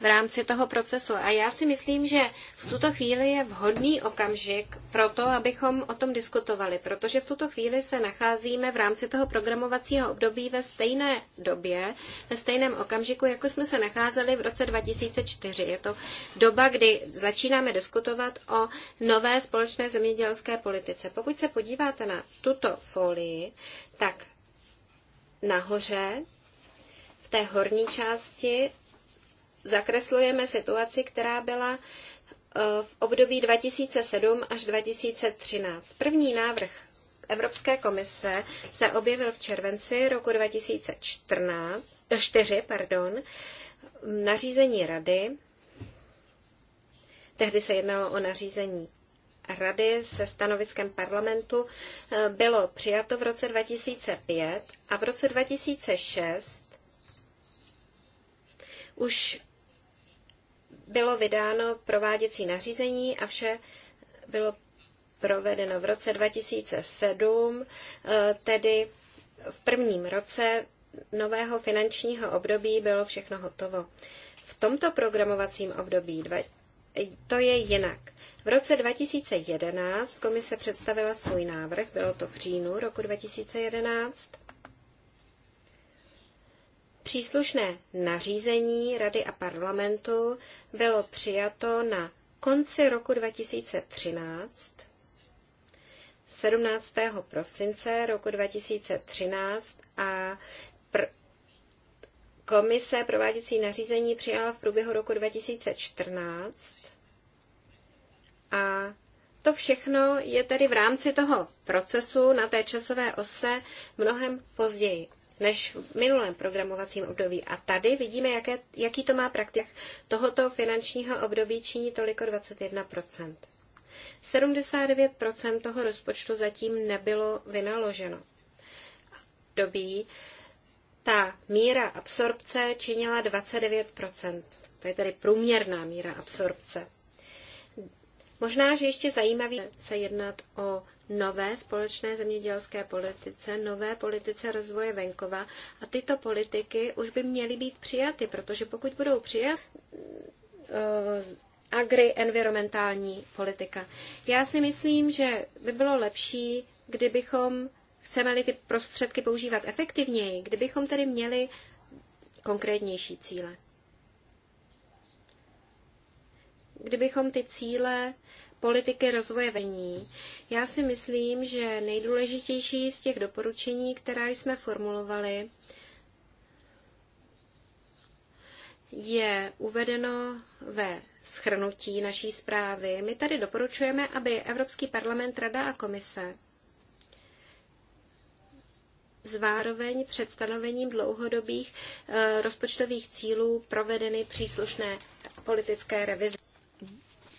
v rámci toho procesu. A já si myslím, že v tuto chvíli je vhodný okamžik pro to, abychom o tom diskutovali, protože v tuto chvíli se nacházíme v rámci toho programovacího období ve stejné době, ve stejném okamžiku, jako jsme se nacházeli v roce 2004. Je to doba, kdy začínáme diskutovat o nové společné zemědělské politice. Pokud se podíváte na tuto folii, tak nahoře v té horní části zakreslujeme situaci, která byla e, v období 2007 až 2013. První návrh Evropské komise se objevil v červenci roku 2014, 4, pardon, nařízení rady. Tehdy se jednalo o nařízení rady se stanoviskem parlamentu e, bylo přijato v roce 2005 a v roce 2006 už bylo vydáno prováděcí nařízení a vše bylo provedeno v roce 2007, eh, tedy v prvním roce nového finančního období bylo všechno hotovo. V tomto programovacím období to je jinak. V roce 2011 komise představila svůj návrh, bylo to v říjnu roku 2011. Příslušné nařízení Rady a parlamentu bylo přijato na konci roku 2013, 17. prosince roku 2013 a pr- komise prováděcí nařízení přijala v průběhu roku 2014 a to všechno je tedy v rámci toho procesu na té časové ose mnohem později než v minulém programovacím období. A tady vidíme, jaké, jaký to má praktik. Tohoto finančního období činí toliko 21%. 79% toho rozpočtu zatím nebylo vynaloženo. Dobí ta míra absorpce činila 29%. To je tedy průměrná míra absorpce. Možná, že ještě zajímavý se jednat o nové společné zemědělské politice, nové politice rozvoje venkova a tyto politiky už by měly být přijaty, protože pokud budou přijat, eh, agri-environmentální politika. Já si myslím, že by bylo lepší, kdybychom, chceme-li ty prostředky používat efektivněji, kdybychom tedy měli konkrétnější cíle. kdybychom ty cíle politiky rozvoje vení. Já si myslím, že nejdůležitější z těch doporučení, která jsme formulovali, je uvedeno ve schrnutí naší zprávy. My tady doporučujeme, aby Evropský parlament, Rada a Komise zvároveň před stanovením dlouhodobých eh, rozpočtových cílů provedeny příslušné politické revize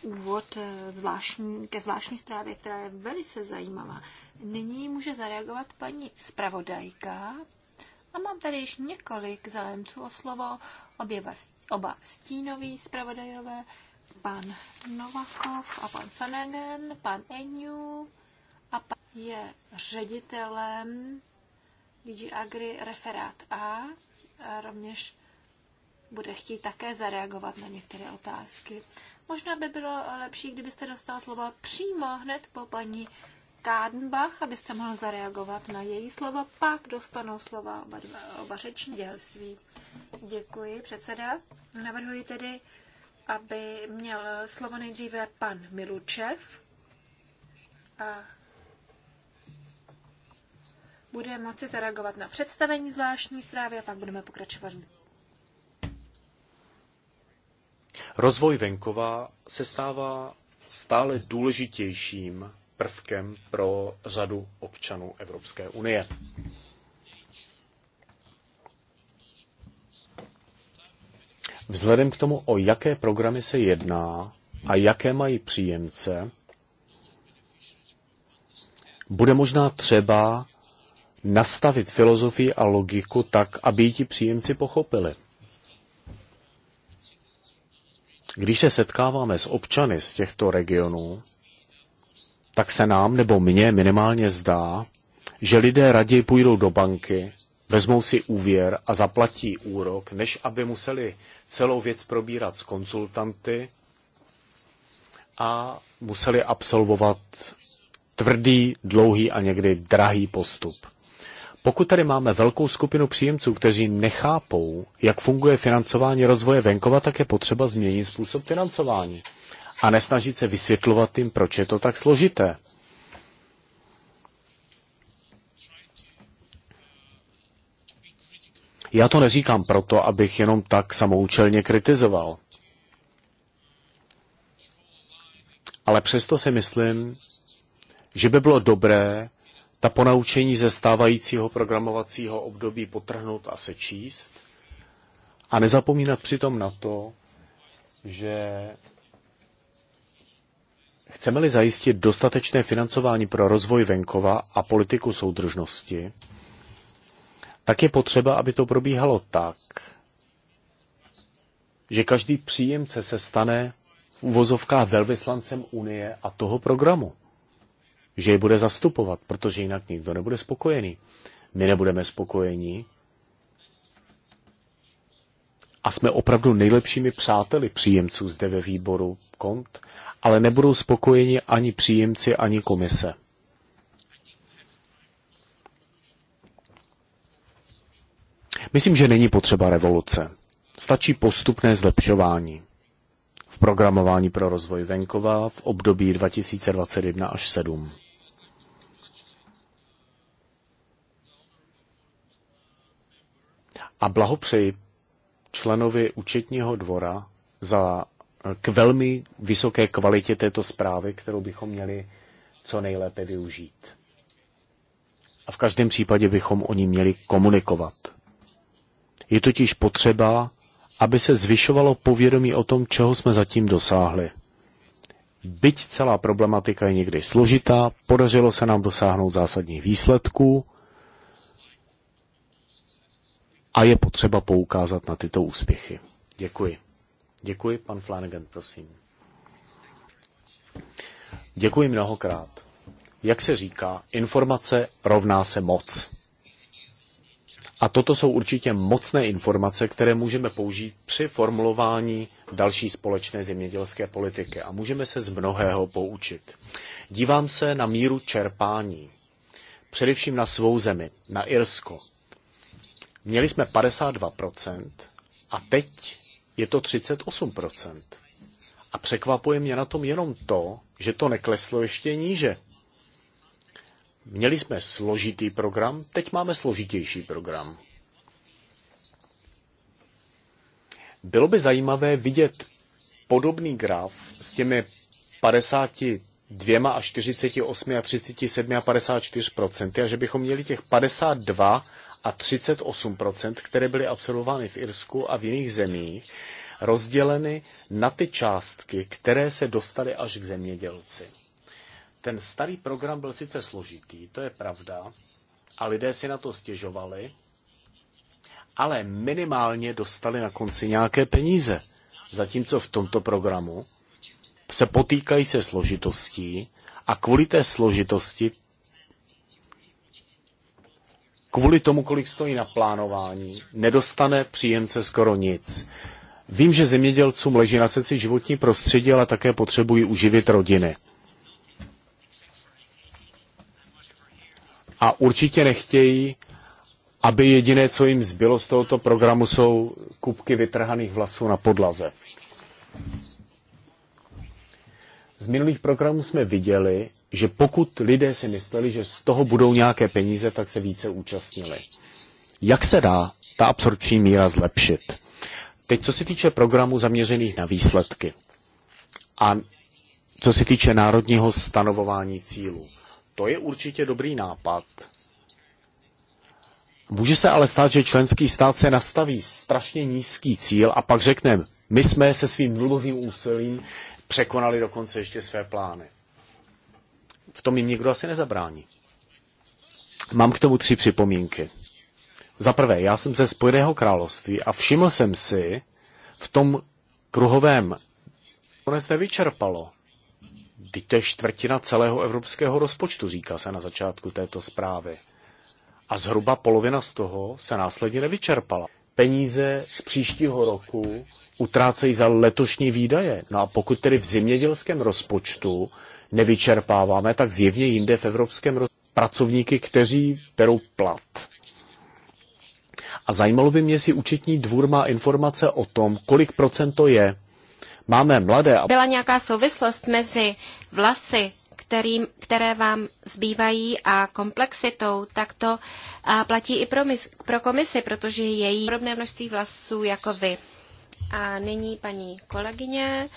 úvod eh, zvláštní, ke zvláštní zprávě, která je velice zajímavá. Nyní může zareagovat paní zpravodajka a mám tady již několik zájemců o slovo, obě vás, oba stínoví zpravodajové, pan Novakov a pan Fenagen, pan Enju a pan je ředitelem DG Agri referát A a rovněž bude chtít také zareagovat na některé otázky. Možná by bylo eh, lepší, kdybyste dostala slova přímo hned po paní Kádenbach, abyste mohl zareagovat na její slova, pak dostanou slova oba, oba řeční dělství. Děkuji, předseda. Navrhuji tedy, aby měl slovo nejdříve pan Milučev a bude moci zareagovat na představení zvláštní zprávy a pak budeme pokračovat Rozvoj venkova se stává stále důležitějším prvkem pro řadu občanů Evropské unie. Vzhledem k tomu, o jaké programy se jedná a jaké mají příjemce, bude možná třeba nastavit filozofii a logiku tak, aby ji ti příjemci pochopili. Když se setkáváme s občany z těchto regionů, tak se nám nebo mně minimálně zdá, že lidé raději půjdou do banky, vezmou si úvěr a zaplatí úrok, než aby museli celou věc probírat s konsultanty a museli absolvovat tvrdý, dlouhý a někdy drahý postup. Pokud tady máme velkou skupinu příjemců, kteří nechápou, jak funguje financování rozvoje venkova, tak je potřeba změnit způsob financování a nesnažit se vysvětlovat jim, proč je to tak složité. Já to neříkám proto, abych jenom tak samoučelně kritizoval. Ale přesto si myslím, že by bylo dobré ta ponaučení ze stávajícího programovacího období potrhnout a sečíst a nezapomínat přitom na to, že chceme-li zajistit dostatečné financování pro rozvoj venkova a politiku soudržnosti, tak je potřeba, aby to probíhalo tak, že každý příjemce se stane v uvozovkách velvyslancem Unie a toho programu že je bude zastupovat, protože jinak nikdo nebude spokojený. My nebudeme spokojení a jsme opravdu nejlepšími přáteli příjemců zde ve výboru kont, ale nebudou spokojeni ani příjemci, ani komise. Myslím, že není potřeba revoluce. Stačí postupné zlepšování v programování pro rozvoj venkova v období 2021 až 7. a blahopřeji členovi účetního dvora za eh, k velmi vysoké kvalitě této zprávy, kterou bychom měli co nejlépe využít. A v každém případě bychom o ní měli komunikovat. Je totiž potřeba, aby se zvyšovalo povědomí o tom, čeho jsme zatím dosáhli. Byť celá problematika je někdy složitá, podařilo se nám dosáhnout zásadních výsledků, a je potřeba poukázat na tyto úspěchy. Děkuji. Děkuji, pan Flanagan, prosím. Děkuji mnohokrát. Jak se říká, informace rovná se moc. A toto jsou určitě mocné informace, které můžeme použít při formulování další společné zemědělské politiky a můžeme se z mnohého poučit. Dívám se na míru čerpání, především na svou zemi, na Irsko. Měli jsme 52% a teď je to 38%. A překvapuje mě na tom jenom to, že to nekleslo ještě níže. Měli jsme složitý program, teď máme složitější program. Bylo by zajímavé vidět podobný graf s těmi 52 a 48 a 37 a 54 procenty, a že bychom měli těch 52 a 38%, které byly absolvovány v Irsku a v jiných zemích, rozděleny na ty částky, které se dostaly až k zemědělci. Ten starý program byl sice složitý, to je pravda, a lidé si na to stěžovali, ale minimálně dostali na konci nějaké peníze. Zatímco v tomto programu se potýkají se složitostí a kvůli té složitosti kvůli tomu, kolik stojí na plánování, nedostane příjemce skoro nic. Vím, že zemědělcům leží na srdci životní prostředí, ale také potřebují uživit rodiny. A určitě nechtějí, aby jediné, co jim zbylo z tohoto programu, jsou kupky vytrhaných vlasů na podlaze. Z minulých programů jsme viděli, že pokud lidé si mysleli, že z toho budou nějaké peníze, tak se více účastnili. Jak se dá ta absorpční míra zlepšit? Teď, co se týče programů zaměřených na výsledky a co se týče národního stanovování cílů, to je určitě dobrý nápad. Může se ale stát, že členský stát se nastaví strašně nízký cíl a pak řekne, my jsme se svým nulovým úsilím překonali dokonce ještě své plány v tom jim nikdo asi nezabrání. Mám k tomu tři připomínky. Za prvé, já jsem ze Spojeného království a všiml jsem si v tom kruhovém, konec nevyčerpalo. Teď to je čtvrtina celého evropského rozpočtu, říká se na začátku této zprávy. A zhruba polovina z toho se následně nevyčerpala. Peníze z příštího roku utrácejí za letošní výdaje. No a pokud tedy v zemědělském rozpočtu nevyčerpáváme, tak zjevně jinde v evropském roz... pracovníky, kteří berou plat. A zajímalo by mě, jestli účetní dvůr má informace o tom, kolik procent to je. Máme mladé. A... Byla nějaká souvislost mezi vlasy, kterým, které vám zbývají a komplexitou, tak to a platí i pro, mis, pro komisi, protože její podobné množství vlasů jako vy. A nyní paní kolegyně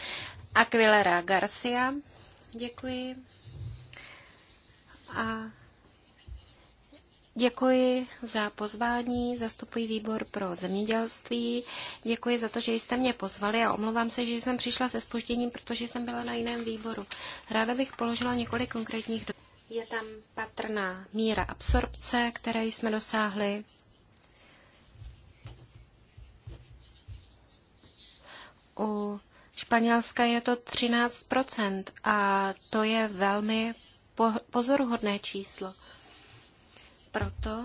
Aquilera Garcia. Děkuji. A Děkuji za pozvání, zastupuji výbor pro zemědělství. Děkuji za to, že jste mě pozvali a omlouvám se, že jsem přišla se spožděním, protože jsem byla na jiném výboru. Ráda bych položila několik konkrétních dotazů. Je tam patrná míra absorpce, které jsme dosáhli. U Španělska je to 13 a to je velmi pozoruhodné číslo. Proto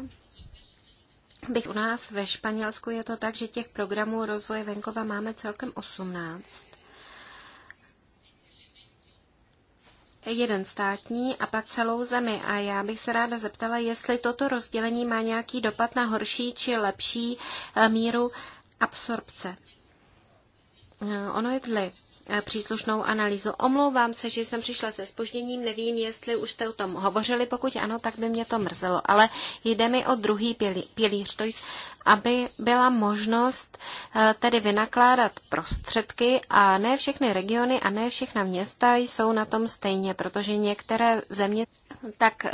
bych u nás ve Španělsku je to tak, že těch programů rozvoje venkova máme celkem 18. jeden státní a pak celou zemi. A já bych se ráda zeptala, jestli toto rozdělení má nějaký dopad na horší či lepší eh, míru absorpce. Eh, ono je tohle eh, příslušnou analýzu. Omlouvám se, že jsem přišla se spožděním, nevím, jestli už jste o tom hovořili, pokud ano, tak by mě to mrzelo, ale jde mi o druhý pilíř, to jest, aby byla možnost eh, tedy vynakládat prostředky a ne všechny regiony a ne všechna města jsou na tom stejně, protože některé země tak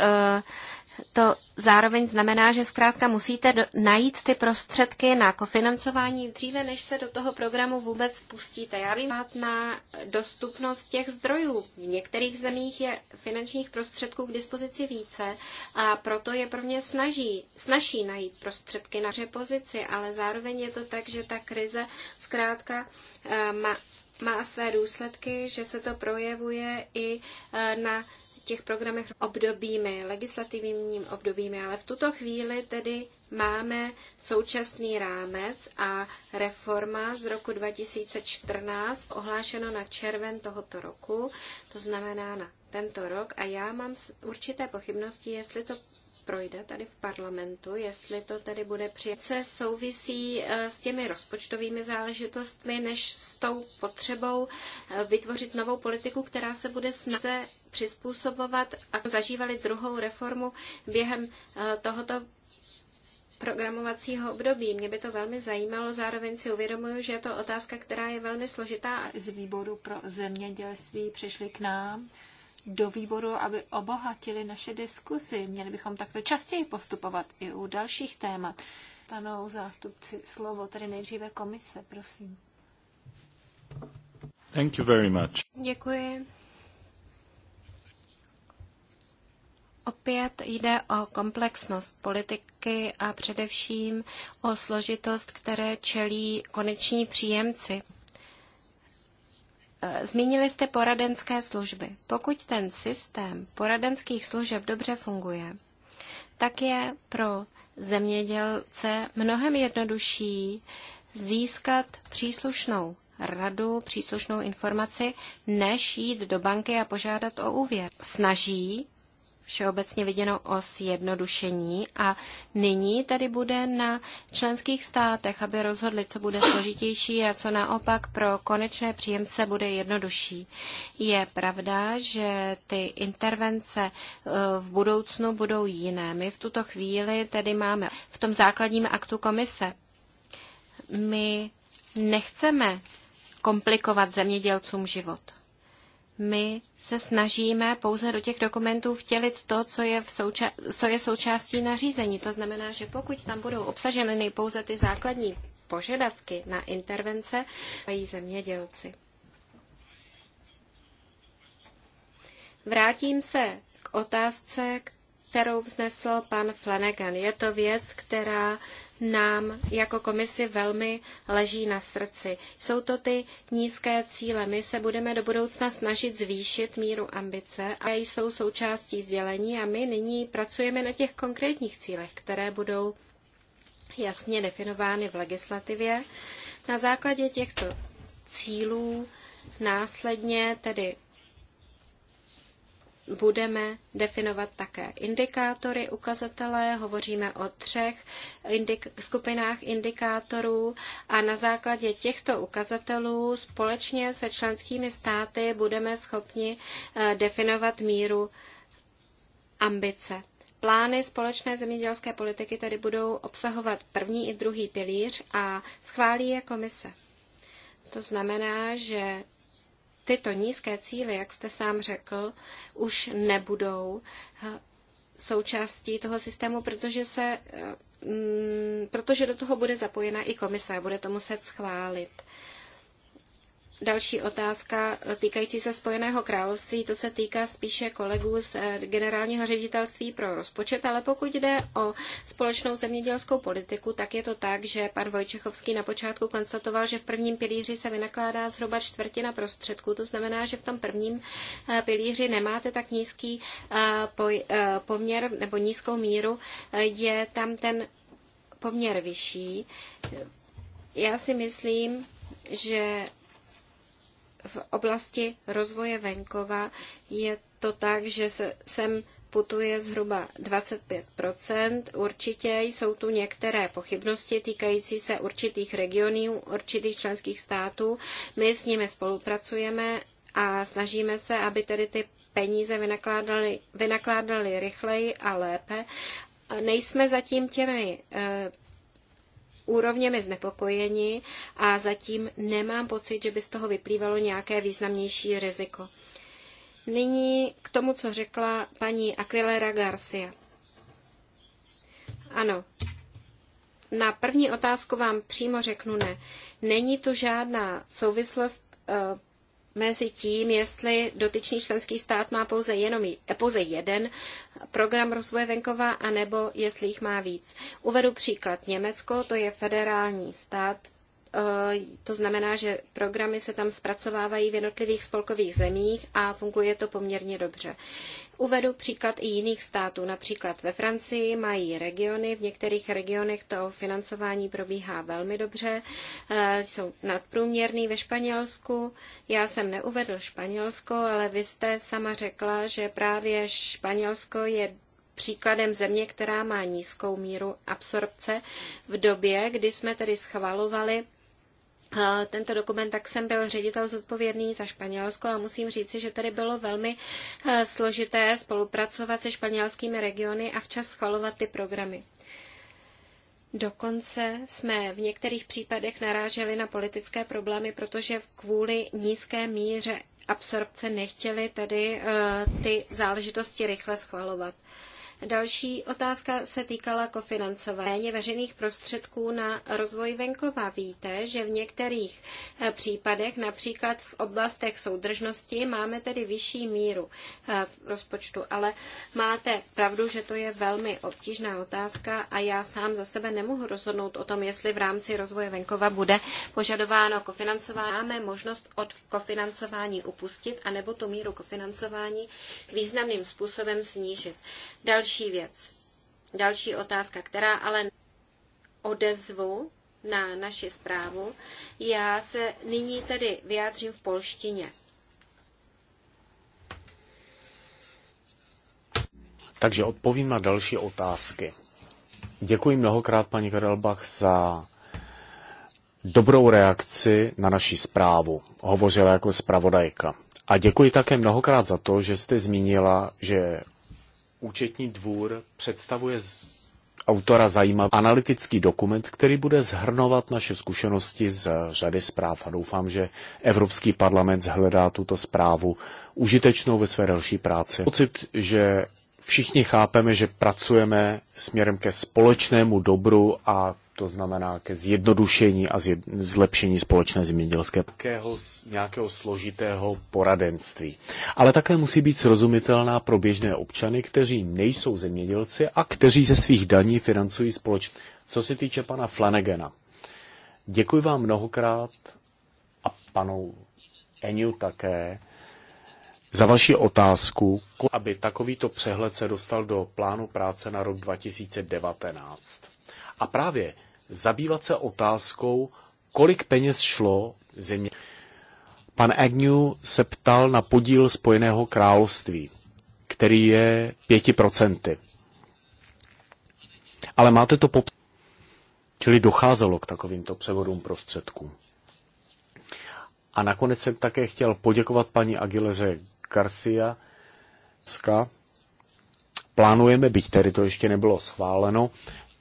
to zároveň znamená, že zkrátka musíte do, najít ty prostředky na kofinancování dříve, než se do toho programu vůbec pustíte. Já vím na dostupnost těch zdrojů. V některých zemích je finančních prostředků k dispozici více a proto je pro mě snaží, snaží najít prostředky na pozici, ale zároveň je to tak, že ta krize zkrátka eh, má, má své důsledky, že se to projevuje i eh, na těch programech obdobími, legislativními obdobími, ale v tuto chvíli tedy máme současný rámec a reforma z roku 2014 ohlášeno na červen tohoto roku, to znamená na tento rok a já mám určité pochybnosti, jestli to projde tady v parlamentu, jestli to tedy bude přijat, se souvisí e, s těmi rozpočtovými záležitostmi, než s tou potřebou e, vytvořit novou politiku, která se bude snažit přizpůsobovat a zažívali druhou reformu během eh, tohoto programovacího období. Mě by to velmi zajímalo, zároveň si uvědomuju, že je to otázka, která je velmi složitá. Z výboru pro zemědělství přišli k nám do výboru, aby obohatili naše diskusy. Měli bychom takto častěji postupovat i u dalších témat. Stanou zástupci slovo, tedy nejdříve komise, prosím. Thank you very much. Děkuji. Opět jde o komplexnost politiky a především o složitost, které čelí koneční příjemci. E, zmínili jste poradenské služby. Pokud ten systém poradenských služeb dobře funguje, tak je pro zemědělce mnohem jednodušší získat příslušnou radu, příslušnou informaci, než jít do banky a požádat o úvěr. Snaží všeobecně viděno o sjednodušení a nyní tady bude na členských státech, aby rozhodli, co bude složitější a co naopak pro konečné příjemce bude jednodušší. Je pravda, že ty intervence eh, v budoucnu budou jiné. My v tuto chvíli tedy máme v tom základním aktu komise. My nechceme komplikovat zemědělcům život my se snažíme pouze do těch dokumentů vtělit to, co je, v souča- co je součástí nařízení. To znamená, že pokud tam budou obsaženy pouze ty základní požadavky na intervence, mají zemědělci. Vrátím se k otázce, kterou vznesl pan Flanagan. Je to věc, která nám jako komisi velmi leží na srdci. Jsou to ty nízké cíle. My se budeme do budoucna snažit zvýšit míru ambice a jsou součástí sdělení a my nyní pracujeme na těch konkrétních cílech, které budou jasně definovány v legislativě. Na základě těchto cílů následně tedy budeme definovat také indikátory, ukazatele, hovoříme o třech indik- skupinách indikátorů a na základě těchto ukazatelů společně se členskými státy budeme schopni eh, definovat míru ambice. Plány společné zemědělské politiky tedy budou obsahovat první i druhý pilíř a schválí je komise. To znamená, že tyto nízké cíle, jak jste sám řekl, už nebudou eh, součástí toho systému, protože se eh, mm, protože do toho bude zapojena i komise a bude to muset schválit. Další otázka týkající se Spojeného království, to se týká spíše kolegů z eh, generálního ředitelství pro rozpočet, ale pokud jde o společnou zemědělskou politiku, tak je to tak, že pan Vojčechovský na počátku konstatoval, že v prvním pilíři se vynakládá zhruba čtvrtina prostředků, to znamená, že v tom prvním eh, pilíři nemáte tak nízký eh, poměr nebo nízkou míru, je tam ten poměr vyšší. Já si myslím, že v oblasti rozvoje venkova je to tak, že se, sem putuje zhruba 25 Určitě jsou tu některé pochybnosti týkající se určitých regionů, určitých členských států. My s nimi spolupracujeme a snažíme se, aby tedy ty peníze vynakládali, vynakládali rychleji a lépe. Nejsme zatím těmi eh, úrovněmi znepokojeni a zatím nemám pocit, že by z toho vyplývalo nějaké významnější riziko. Nyní k tomu, co řekla paní Aquilera Garcia. Ano, na první otázku vám přímo řeknu ne. Není tu žádná souvislost eh, mezi tím, jestli dotyčný členský stát má pouze, jenom, eh, pouze jeden program rozvoje venkova, anebo jestli jich má víc. Uvedu příklad. Německo, to je federální stát, eh, to znamená, že programy se tam zpracovávají v jednotlivých spolkových zemích a funguje to poměrně dobře. Uvedu příklad i jiných států. Například ve Francii mají regiony, v některých regionech to financování probíhá velmi dobře, eh, jsou nadprůměrný ve Španělsku. Já jsem neuvedl Španělsko, ale vy jste sama řekla, že právě Španělsko je příkladem země, která má nízkou míru absorpce v době, kdy jsme tedy schvalovali tento dokument, tak jsem byl ředitel zodpovědný za Španělsko a musím říci, že tady bylo velmi eh, složité spolupracovat se španělskými regiony a včas schvalovat ty programy. Dokonce jsme v některých případech naráželi na politické problémy, protože kvůli nízké míře absorpce nechtěli tedy eh, ty záležitosti rychle schvalovat. Další otázka se týkala kofinancování veřejných prostředků na rozvoj venkova. Víte, že v některých eh, případech, například v oblastech soudržnosti, máme tedy vyšší míru eh, v rozpočtu, ale máte pravdu, že to je velmi obtížná otázka a já sám za sebe nemohu rozhodnout o tom, jestli v rámci rozvoje venkova bude požadováno kofinancování. Máme možnost od kofinancování upustit, anebo tu míru kofinancování významným způsobem snížit. Další další věc, další otázka, která ale odezvu na naši zprávu. Já se nyní tedy vyjádřím v polštině. Takže odpovím na další otázky. Děkuji mnohokrát, paní Karelbach, za dobrou reakci na naši zprávu. Hovořila jako zpravodajka. A děkuji také mnohokrát za to, že jste zmínila, že účetní dvůr představuje z autora zajímavý analytický dokument, který bude zhrnovat naše zkušenosti z řady zpráv. A doufám, že Evropský parlament zhledá tuto zprávu užitečnou ve své další práci. Pocit, že všichni chápeme, že pracujeme směrem ke společnému dobru a to znamená ke zjednodušení a zlepšení společné zemědělské nějakého, nějakého složitého poradenství. Ale také musí být srozumitelná pro běžné občany, kteří nejsou zemědělci a kteří ze svých daní financují společnost. Co se týče pana Flanagena, děkuji vám mnohokrát a panu Eniu také za vaši otázku, aby takovýto přehled se dostal do plánu práce na rok 2019 a právě zabývat se otázkou, kolik peněz šlo země. Pan Agnew se ptal na podíl Spojeného království, který je 5%. Ale máte to popsat. Čili docházelo k takovýmto převodům prostředků. A nakonec jsem také chtěl poděkovat paní Aguileře Garcia. Plánujeme, byť tedy to ještě nebylo schváleno,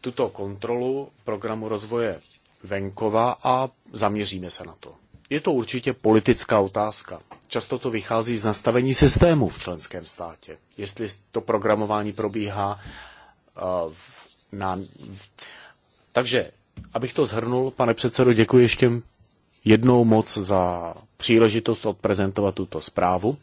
tuto kontrolu programu rozvoje venkova a zaměříme se na to. Je to určitě politická otázka. Často to vychází z nastavení systému v členském státě. Jestli to programování probíhá uh, na... Takže, abych to zhrnul, pane předsedo, děkuji ještě jednou moc za příležitost odprezentovat tuto zprávu.